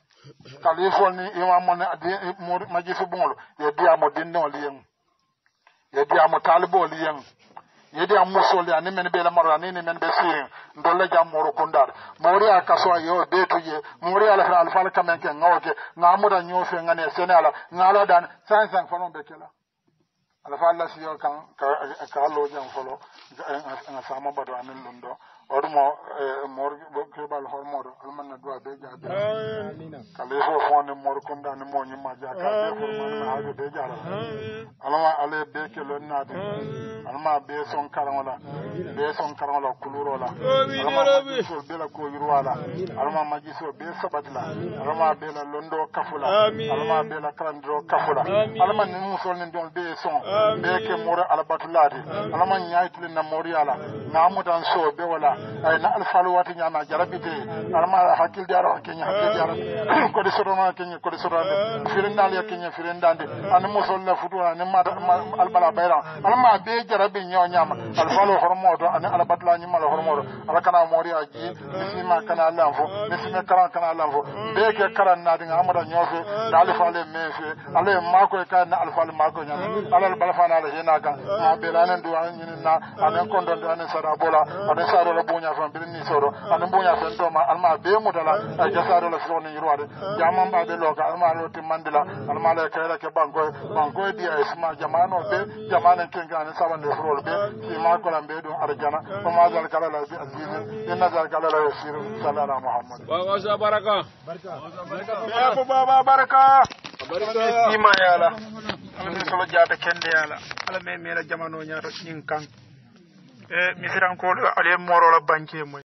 kalifol ni imamo ne maji fi buŋolu yediyamo dindiŋo liyeŋ yediyamo taliboo liyeŋ yediya musol ya ni men be la marola nini men be siriŋ ndolla jam moru kundaal mawriya kaso a yewo beetu je mawriya la fe alfal kamen ke ŋawo ke ŋamuda ñoofe ŋane sene ala ŋala dan cin cinq folon be kela alfal la siyo kaŋ ka loo jam folo ŋa samabado amin lundo hoɗumo keɓal eh, hormoɗo almanna duwa be jaabe kala fo fonde morkonda ni moñimma ja ka be formanma haade be jara alama ala be kelon naade alama be son karaŋola be son karaŋola kulurola alamaso be la koyirwala alama majiso be sabatila alama be la londo la. alama be la kalandiro kafula alama ni musol ni dol be son be ke moro alabatulaade alama ñayitile na la moriyala namutan so be wala ay eh, na alfalu wati ñana jarabite arma hakkilde aro hakkeñi hakkilde aro eh. [COUGHS] kodi sotono hakkeñi kodi sotonde firindal yakkeñi eh. firindande ani musolle futuna ani albala bayra alma be jarabi ñoñama alfalu hormoto ani alabatla ñimmal hormoto ala kana moori a ji misima kana lan fo misime karan kana lan fo be ke karan nadinga amata ñoofe da alfale me fe alaye makoye kay na alfale mako ñana e ala albala fana ala hena kan ma belanen duwa ñinina anen kondonde anen sarabola anen sarola buña son birini soɗo ana buña son toma alma be mutala a jasarola sowoni yirwade jamanmbaɓe loka almalo timmandila almalo kayra ke bangoye bangoye di e suma jamano ɓe jamane kengane sawande sowol ɓe fimakola mbe ɗum ara jana oma gal kalala bi azise inna gal kalala e sir sall ala muhammadbaraaeo baba baraka ima yaala ande solo jaata kende yaala ala me mela jamano ñato ɗin kanko Eh, misirankol aliye morola banke moy